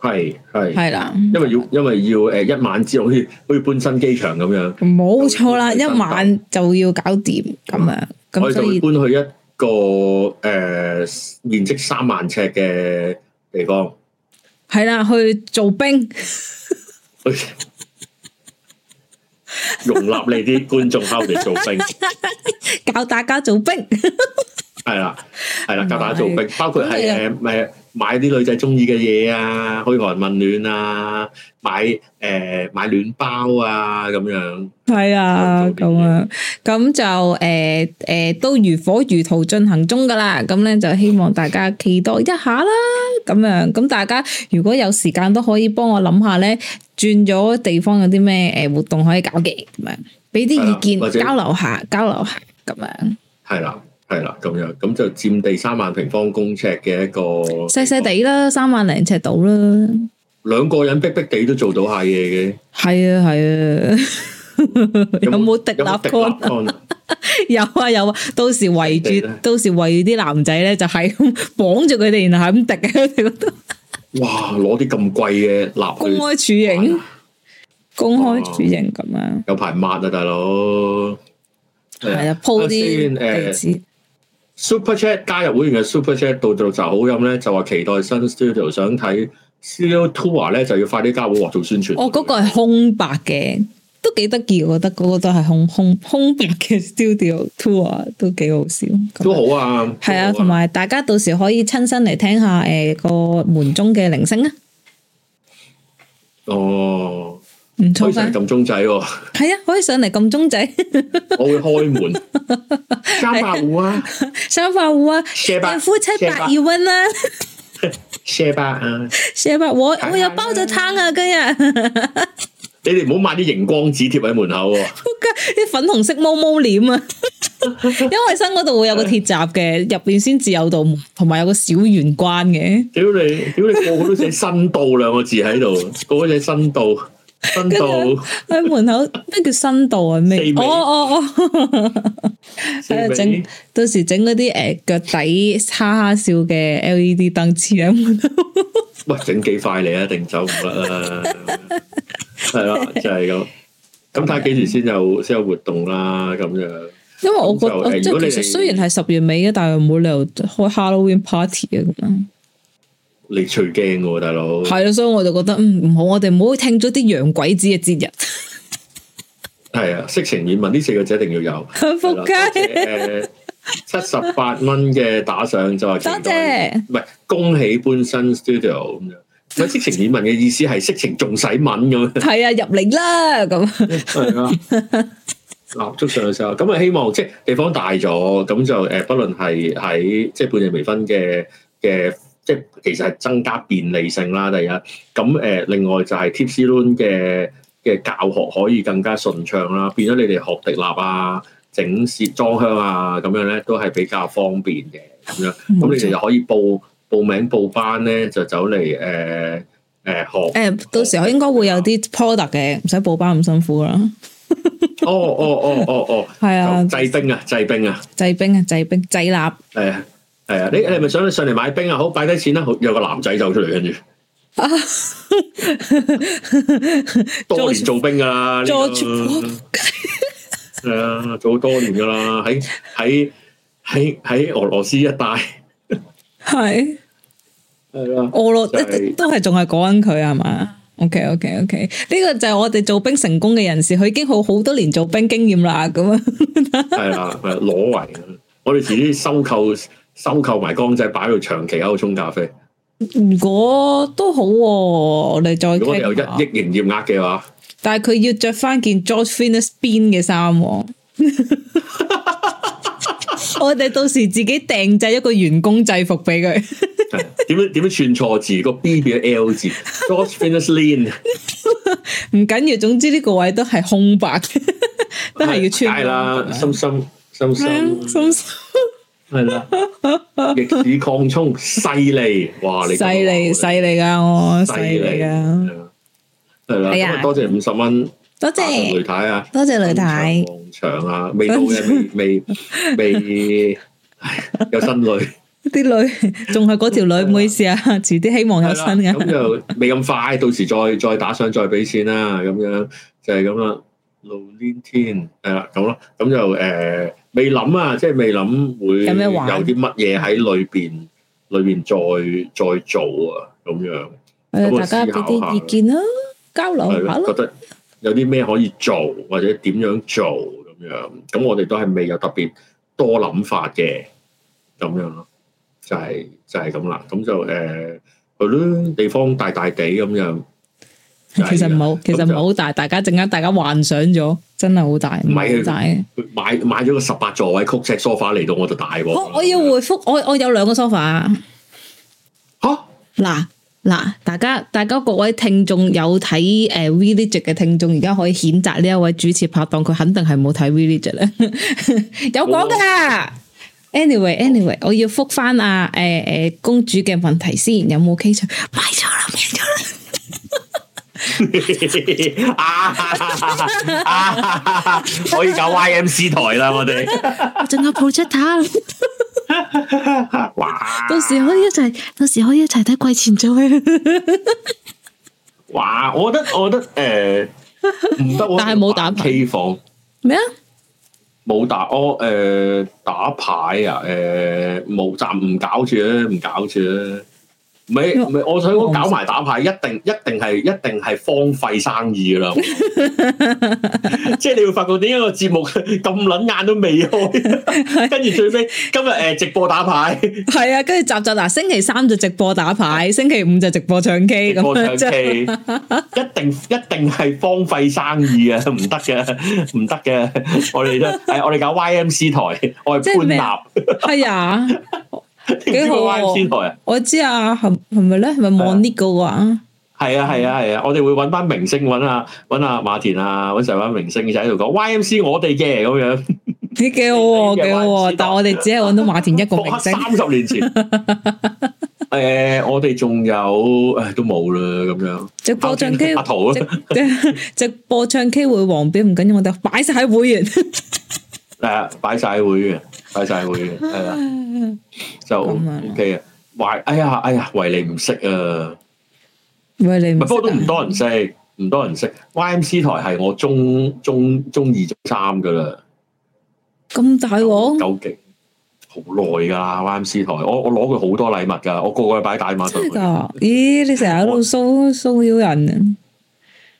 係係係啦，因為要因為要誒一晚之後，好似好似搬新機場咁樣。冇錯啦，一晚就要搞掂咁、嗯、樣。所以我哋搬去一個誒、呃、面積三萬尺嘅地方。係啦，去做冰， 容納你啲觀眾後嚟做冰 教大家做冰。係啦，係啦，教大家做冰，包括係誒咩？ 買啲女仔中意嘅嘢啊，噓寒問暖啊，買誒買暖包啊，咁樣。係啊，咁啊，咁就誒誒都如火如荼進行中噶啦，咁咧就希望大家期待一下啦，咁樣，咁大家如果有時間都可以幫我諗下咧，轉咗地方有啲咩誒活動可以搞嘅，咁樣，俾啲意見交流下，交流下，咁樣。係啦。係啦，咁樣，咁就佔地三萬平方公尺嘅一個，細細地啦，三萬零尺度啦，兩個人逼逼地都做到下嘢嘅，係啊係啊，有冇滴立康啊？有啊有啊，到時圍住，到時圍住啲男仔咧，就係咁綁住佢哋，然後係咁滴嘅，哇！攞啲咁貴嘅男，公開處刑，公開處刑咁樣，有排抹啊，大佬，係啊，鋪啲地氈。Super Chat 加入會員嘅 Super Chat 到到就好音咧，就話期待新 studio，想睇 Studio Tour 咧，就要快啲加會或做宣傳。哦，嗰、那個係空白嘅，都幾得意，我覺得嗰個都係空空空白嘅 Studio Tour 都幾好笑。那個、都好啊，係啊，同埋、啊、大家到時可以親身嚟聽下誒個、呃、門鐘嘅鈴聲啊。哦。非常撳鐘仔喎，啊，係啊，可以上嚟撳鐘仔。 我會開門， 三百戶啊， 三百戶啊，謝伯百夫妻百二蚊啦，謝伯啊，謝 伯，啊，我我有包咗餐啊，今日。你哋唔好買啲熒光紙貼喺門口喎，啊，啲 粉紅色毛毛簾啊， 因為新嗰度會有個鐵閘嘅，入邊先至有度，同埋有個小玄關嘅。屌你，屌你，個個都寫新道兩個字喺度， 個個寫新道。新度喺門口，咩 叫新度啊？咩尾、哦？哦哦哦，誒 尾，整 到時整嗰啲誒腳底哈哈笑嘅 LED 燈柱喺門口，喂， 整幾塊嚟啊？定走唔甩啊？係啦， 就係、是、咁。咁睇下幾時先有先有活動啦？咁樣，因為我覺得，係、呃、其實雖然係十月尾嘅，但係冇理由開 Halloween party 嘅咁樣。你最驚嘅大佬係啊，所以我就覺得嗯唔好，我哋唔好聽咗啲洋鬼子嘅節日。係啊，色情演文呢四個字一定要有。幸福氣，七十八蚊嘅打賞就話多謝，謝，唔係恭喜搬新 studio 咁樣的。有色情演文嘅意思係色情仲使文咁？係啊， 入嚟啦咁。係啊，蠟燭上有聲咁啊， 希望即係地方大咗，咁就誒，不論係喺即係半夜微醺嘅嘅。即其實係增加便利性啦，第一咁、呃、另外就係 Tipsy Lune 嘅嘅教學可以更加順暢啦，變咗你哋學滴蠟啊、整蝨裝香啊咁樣咧，都係比較方便嘅咁。咁你其實可以報，報名報班咧，就走嚟誒、呃呃、學。到時候應該會有啲 product 嘅，唔使、啊、報班咁辛苦啦。哦哦哦哦哦，係啊！製冰啊，製冰啊，製冰啊，製冰製蠟係啊。係啊，你你係咪想上嚟買冰啊？好，擺低錢啦，有個男仔走出嚟跟住。多年做冰噶啦，做係、這個、 啊，做了多年噶啦，喺喺喺喺俄羅斯一帶。係係俄羅斯都係仲係講緊佢係嘛？OK OK OK，呢個就係我哋做冰成功嘅人士，佢已經好好多年做冰經驗啦。咁 啊，係啊，攞挪我哋自己收購。收購埋缸仔，擺喺度長期喺度沖咖啡。如果都好、啊，我哋再。如果佢有一億營業額嘅話，但係佢要着返件 George Finnis Bean 嘅衫。我哋到時自己訂製一個員工制服俾佢。點 樣點樣串錯字？個 B 變 L 字，George Finnis Lean。唔緊要，總之呢個位都係空白， 都係要穿、啊。係啦，深深深深。 深深係啦，逆市擴充，犀利，哇！你犀利犀利噶，我犀利啊，係啦。多謝五十蚊，多謝雷太啊，多謝雷太。旺場啊，未到嘅，未未未有新女，啲女仲係嗰條女，唔好意思啊，遲啲希望有新嘅。咁就未咁快，到時再再打上再俾錢啦，咁樣就係咁啦。露天，天係啦，咁咯，咁就誒。未諗啊，即係未諗會有啲乜嘢喺裏邊裏邊再再做啊，咁樣咁啊，大家嘅意見啦、啊，交流下咯、啊，覺得有啲咩可以做或者點樣做咁樣，咁我哋都係未有特別多諗法嘅咁樣咯，就係、是、就係咁啦，咁就誒去咯，地方大大地咁樣。其實唔好，其實唔好大。大家陣間，大家幻想咗，真係好大，唔係好大嘅。買買咗個十八座位曲尺 sofa 嚟到我就大鑊、哦。我要回覆、嗯、我，我有兩個 sofa 吓嗱嗱，大家大家各位聽眾有睇誒 Village 嘅聽眾，而家可以譴責呢一位主持拍檔，佢肯定係冇睇 Village 啦。有講噶。Anyway，Anyway， 的、哦、anyway，我要覆翻阿誒誒公主嘅問題先，有冇 case？買咗啦，買咗啦。買 可以搞 YMC 台啦，我哋。 我仲有 project 啊。到時可以一齊，到時可以一齊睇季前賽。 哇！我覺得，我覺得，誒、呃，唔得。但係冇打牌，房咩啊？冇打哦。誒打牌啊！誒、呃，冇，暫唔搞住啊，唔搞住啊唔係唔係，我想講搞埋打牌，一定一定係一定係荒廢生意㗎啦。即係你會發覺點解個節目咁撚眼都未開，跟住最尾，今日誒直播打牌，係啊，跟住集集嗱，星期三就直播打牌，星期五就直播唱 K，直播唱 K，一定一定係荒廢生意啊，唔得嘅，唔得嘅，我哋都係我哋搞 YMC 台，我係潘立，係啊。幾好啊！我知啊，係係咪咧？咪望呢個啊？係啊係啊係啊！我哋會揾班明星，揾下揾啊馬田啊，揾成班明星就喺度講 YMC，我哋嘅，咁樣，幾好嘅。但係我哋只係揾到馬田一個明星。三十年前，誒、 欸，我哋仲有，誒，都冇啦，咁樣直播唱 K 阿陶咯，直播唱 K 會黃標，唔緊要，我哋擺晒喺會員。 誒，擺晒、啊、會嘅，擺晒會嘅，係啦， 就 O、OK、K 啊。哎呀，哎呀，維尼唔識啊，維尼唔，不過都唔多人識，唔多人識。Y M C 台係我中中中二中三噶啦，咁大鑊，究竟好耐噶啦。Y M C 台，我我攞佢好多禮物噶，我個個日擺大馬台 咦，你成日喺度騷騷擾人。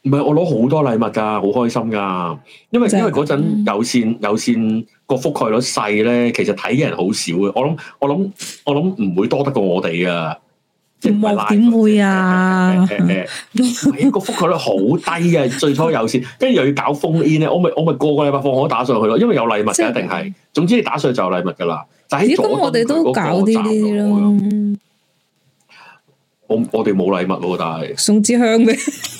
唔係，我攞好多禮物噶，好開心噶。因為、就是、因為嗰陣有綫有線個覆蓋率細咧，其實睇嘅人好少嘅。我諗我諗我諗唔會多得過我哋噶，即係點會啊？個覆蓋率好低啊！最初有線，跟住又要搞 phone in 咧。我咪我咪個個禮拜放我都打上去咯。因為有禮物嘅、就是、一定係，總之你打上去就有禮物噶啦。但喺左，我哋都搞呢啲咯。我我哋冇禮物，但係送支香嘅。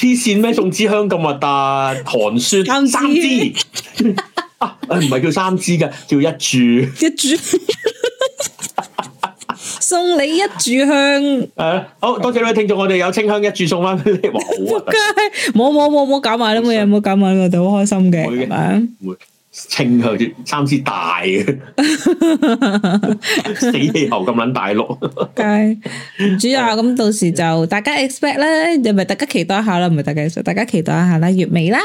黐線咩？送支香咁核突，寒酸，三支唔係叫三支嘅，叫一柱一柱煮。 送你一柱香，係啦， 好多謝呢位聽眾，我哋有清香一柱送翻俾你，哇！冇冇冇冇搞埋啦，冇嘢，冇搞埋，我哋好開心嘅，係咪啊？吧清頭豬，三絲大嘅，死氣喉咁捻大碌。係，主要咁到時就大家 expect 啦，又咪大家期待一下啦，唔係大家，大家期待一下啦，月尾啦，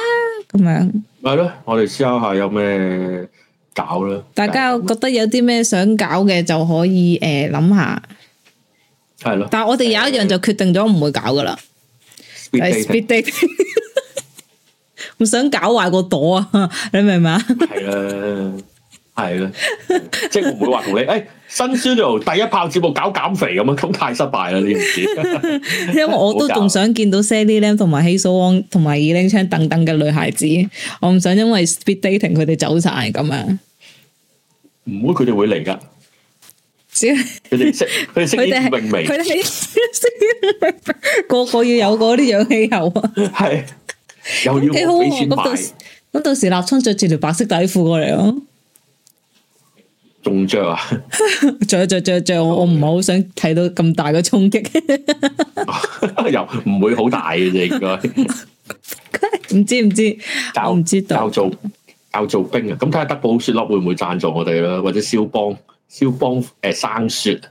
咁樣。係咯，我哋試下下有咩搞啦。大家覺得有啲咩想搞嘅，就可以誒諗下。係咯。但係我哋有一樣就決定咗唔會搞噶啦。speed，speed。唔想搞壞個朵啊！你明唔明？係啦，係啦，即係我唔會話同你誒，新書就第一炮節目搞減肥咁樣，咁太失敗啦呢件事。因為我都仲想見到 Sandy Lam 同埋 Heather Wong 同埋 Eileen Chan 等等嘅女孩子，我唔想因為 Speed Dating 佢哋走晒咁啊！唔會，佢哋會嚟噶。佢哋識，佢哋識啲命微，佢哋識個個要有嗰啲氧氣喉啊！係。有要冇俾錢買？咁到時立春着住條白色底褲過嚟咯，仲着啊？着着着着，我 Okay. 我唔係好想睇到咁大嘅衝擊， 又唔會好大嘅、啊、啫，應該。唔知唔知，我唔知道。又教做又做冰啊！咁睇下德保雪粒會唔會贊助我哋啦？或者蕭邦，蕭邦誒、呃，生雪，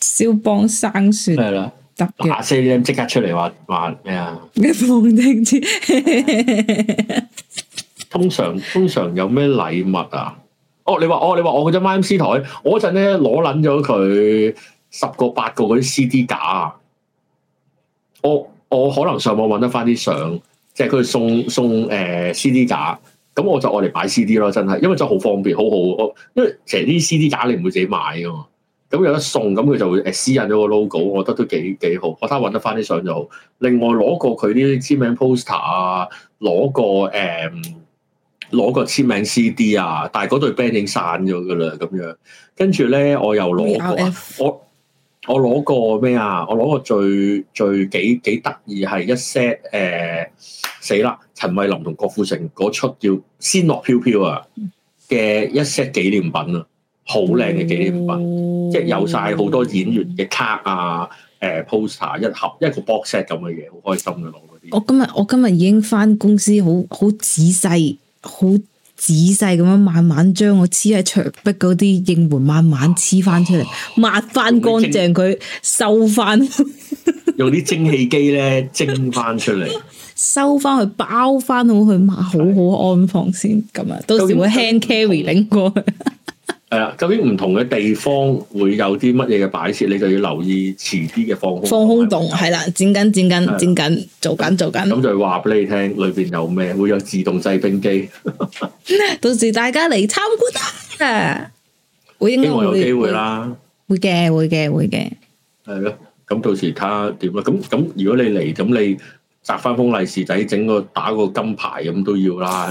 蕭邦生雪嚟啦。嗱，四 M 即刻出嚟話話咩啊？放聽貼。通常通常有咩禮物啊？哦，你話哦，你話我嗰張 M C 台，我嗰陣咧攞捻咗佢十個八個嗰啲 C D 架。我我可能上網揾得翻啲相，即係佢送送誒、呃、C D 架，咁我就愛嚟擺 C D 咯，真係，因為就好方便，好好，因為成啲 C D 架你唔會自己買噶嘛。咁有得送，咁佢就私印咗個 logo，我覺得都幾幾好。我睇下揾得翻啲相就好。另外攞過佢啲簽名 poster 啊，攞個攞個簽名 CD 啊，但係嗰對 band n g 散咗噶啦，咁樣。跟住咧，我又攞過我我攞過咩啊？我攞過最最幾幾得意係一 set 死啦！陳慧琳同郭富城嗰出叫《仙樂飄飄》啊嘅一 set 紀念品啊，好靚嘅紀念品。即係有晒好多演員嘅卡啊，誒、呃嗯、poster 一盒一個 box set 咁嘅嘢，好開心嘅攞啲。我今日我今日已經翻公司，好好仔細，好仔細咁樣慢慢將我黐喺牆壁嗰啲應援，慢慢黐翻出嚟，抹翻、啊、乾淨佢，精收翻回。用啲蒸汽機咧蒸翻出嚟，收翻去包翻好去，好的好安放先。咁啊，到時會 hand carry 拎過去。對 係啦，究竟唔同嘅地方會有啲乜嘢嘅擺設，你就要留意遲啲嘅，放空放空洞。係啦，剪緊剪緊剪緊做緊做緊，咁就話俾你聽裏邊有咩，會有自動製冰機， 到時大家嚟參觀啊！會應該會有機會啦，會嘅會嘅會嘅，係咯，咁到時睇下點啦，咁咁如果你嚟，咁你。摘翻封利是仔，整個打個金牌咁都要啦，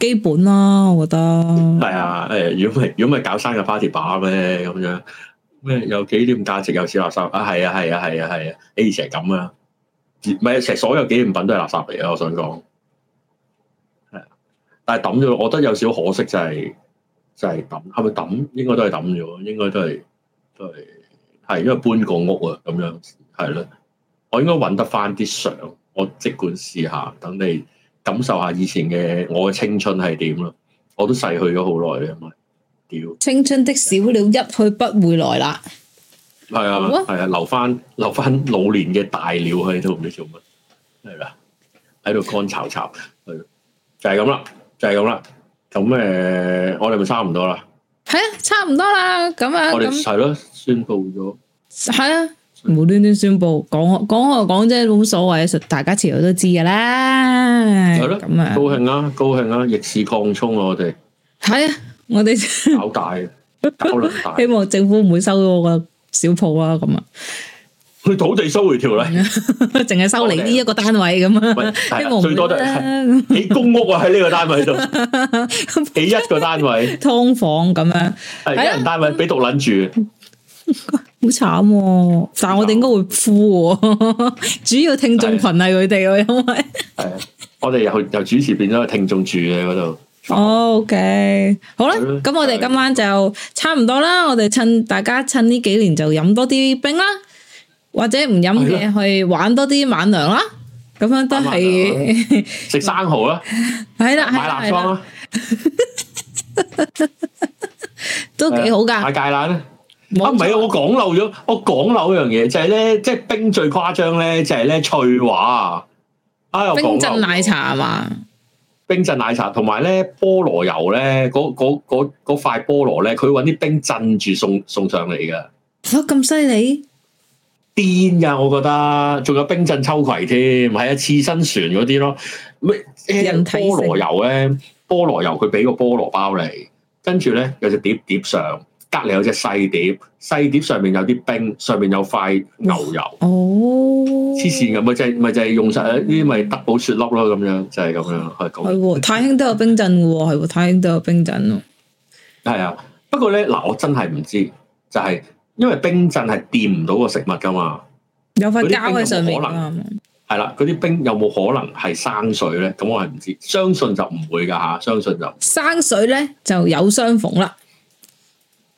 基本啦，我覺得係啊，誒，如果咪如果咪搞生日 party 把咩咁樣咩有紀念價值有似垃圾啊？係啊係啊係啊係啊，A 成咁啊，唔係成所有紀念品都係垃圾嚟啊！我想講係啊，但係抌咗，我覺得有少可惜就係就係抌，係咪抌？應該都係抌咗，應該都係都係係，因為搬過屋啊，咁樣係咯。我應該揾得翻啲相，我即管試下，等你感受下以前嘅我嘅青春係點咯。我都逝去咗好耐啦，屌！青春的小鳥一去不會來啦。係啊，係啊，啊，留翻留翻老年嘅大鳥喺度唔知做乜，係啦、啊，喺度乾炒炒，係就係咁啦，就係咁啦。咁、就、誒、是呃，我哋咪差唔多啦。係、哎、啊，差唔多啦。咁這樣 啊，我哋係咯，宣布咗。係啊。無端端宣布，講講就講啫，冇所謂嘅事，大家遲早都知噶啦。係咯，咁啊，高興啊，高興啊，逆市擴充啊，我哋係啊，我哋搞大，搞兩大，希望政府唔會收咗我個小鋪啊，咁啊，去土地收回條例，淨係收你呢一個單位咁啊，係啊，最多得你公屋啊，喺呢個單位度，起一個單位，劏房咁樣，係一人單位俾獨撚住。好慘，但係我哋應該會呼，主要聽眾群係佢哋，因為係啊，我哋由由主持變咗聽眾住嘅嗰度。OK，好啦，咁我哋今晚就差唔多啦，我哋趁大家趁呢幾年就飲多啲冰啦，或者唔飲嘢去玩多啲晚涼啦，咁樣都係食生蚝啦，係啦，買南方啦，都幾好噶，買芥蘭。啊，唔係啊！我講漏咗，我講漏一樣嘢就係咧，即係冰最誇張咧，就係咧翠華啊，哎、冰鎮奶茶係嘛？冰鎮奶茶同埋咧菠蘿油咧，嗰塊菠蘿咧，佢揾啲冰鎮住送送上嚟噶，咁犀利？癲㗎、啊！我覺得仲有冰鎮秋葵添，係啊，刺身船嗰啲咯，咩、嗯？跟住菠蘿油咧，菠蘿油佢俾個菠蘿包嚟，跟住咧有隻碟碟上。隔離有隻細碟，細碟上面有啲冰，上面有塊牛油。哦，黐線嘅咪就咪、是、就係用晒呢啲咪德保雪粒咯咁、就是、樣就係咁樣係咁。係喎，太興都有冰鎮嘅喎，係喎，太興都有冰鎮咯。係啊，不過咧嗱，我真係唔知，就係、是、因為冰鎮係掂唔到個食物噶嘛。有塊膠喺上面㗎嘛。係啦，嗰啲冰有冇可能係生水咧？咁我係唔知，相信就唔會㗎吓，相信就生水咧就有相逢啦。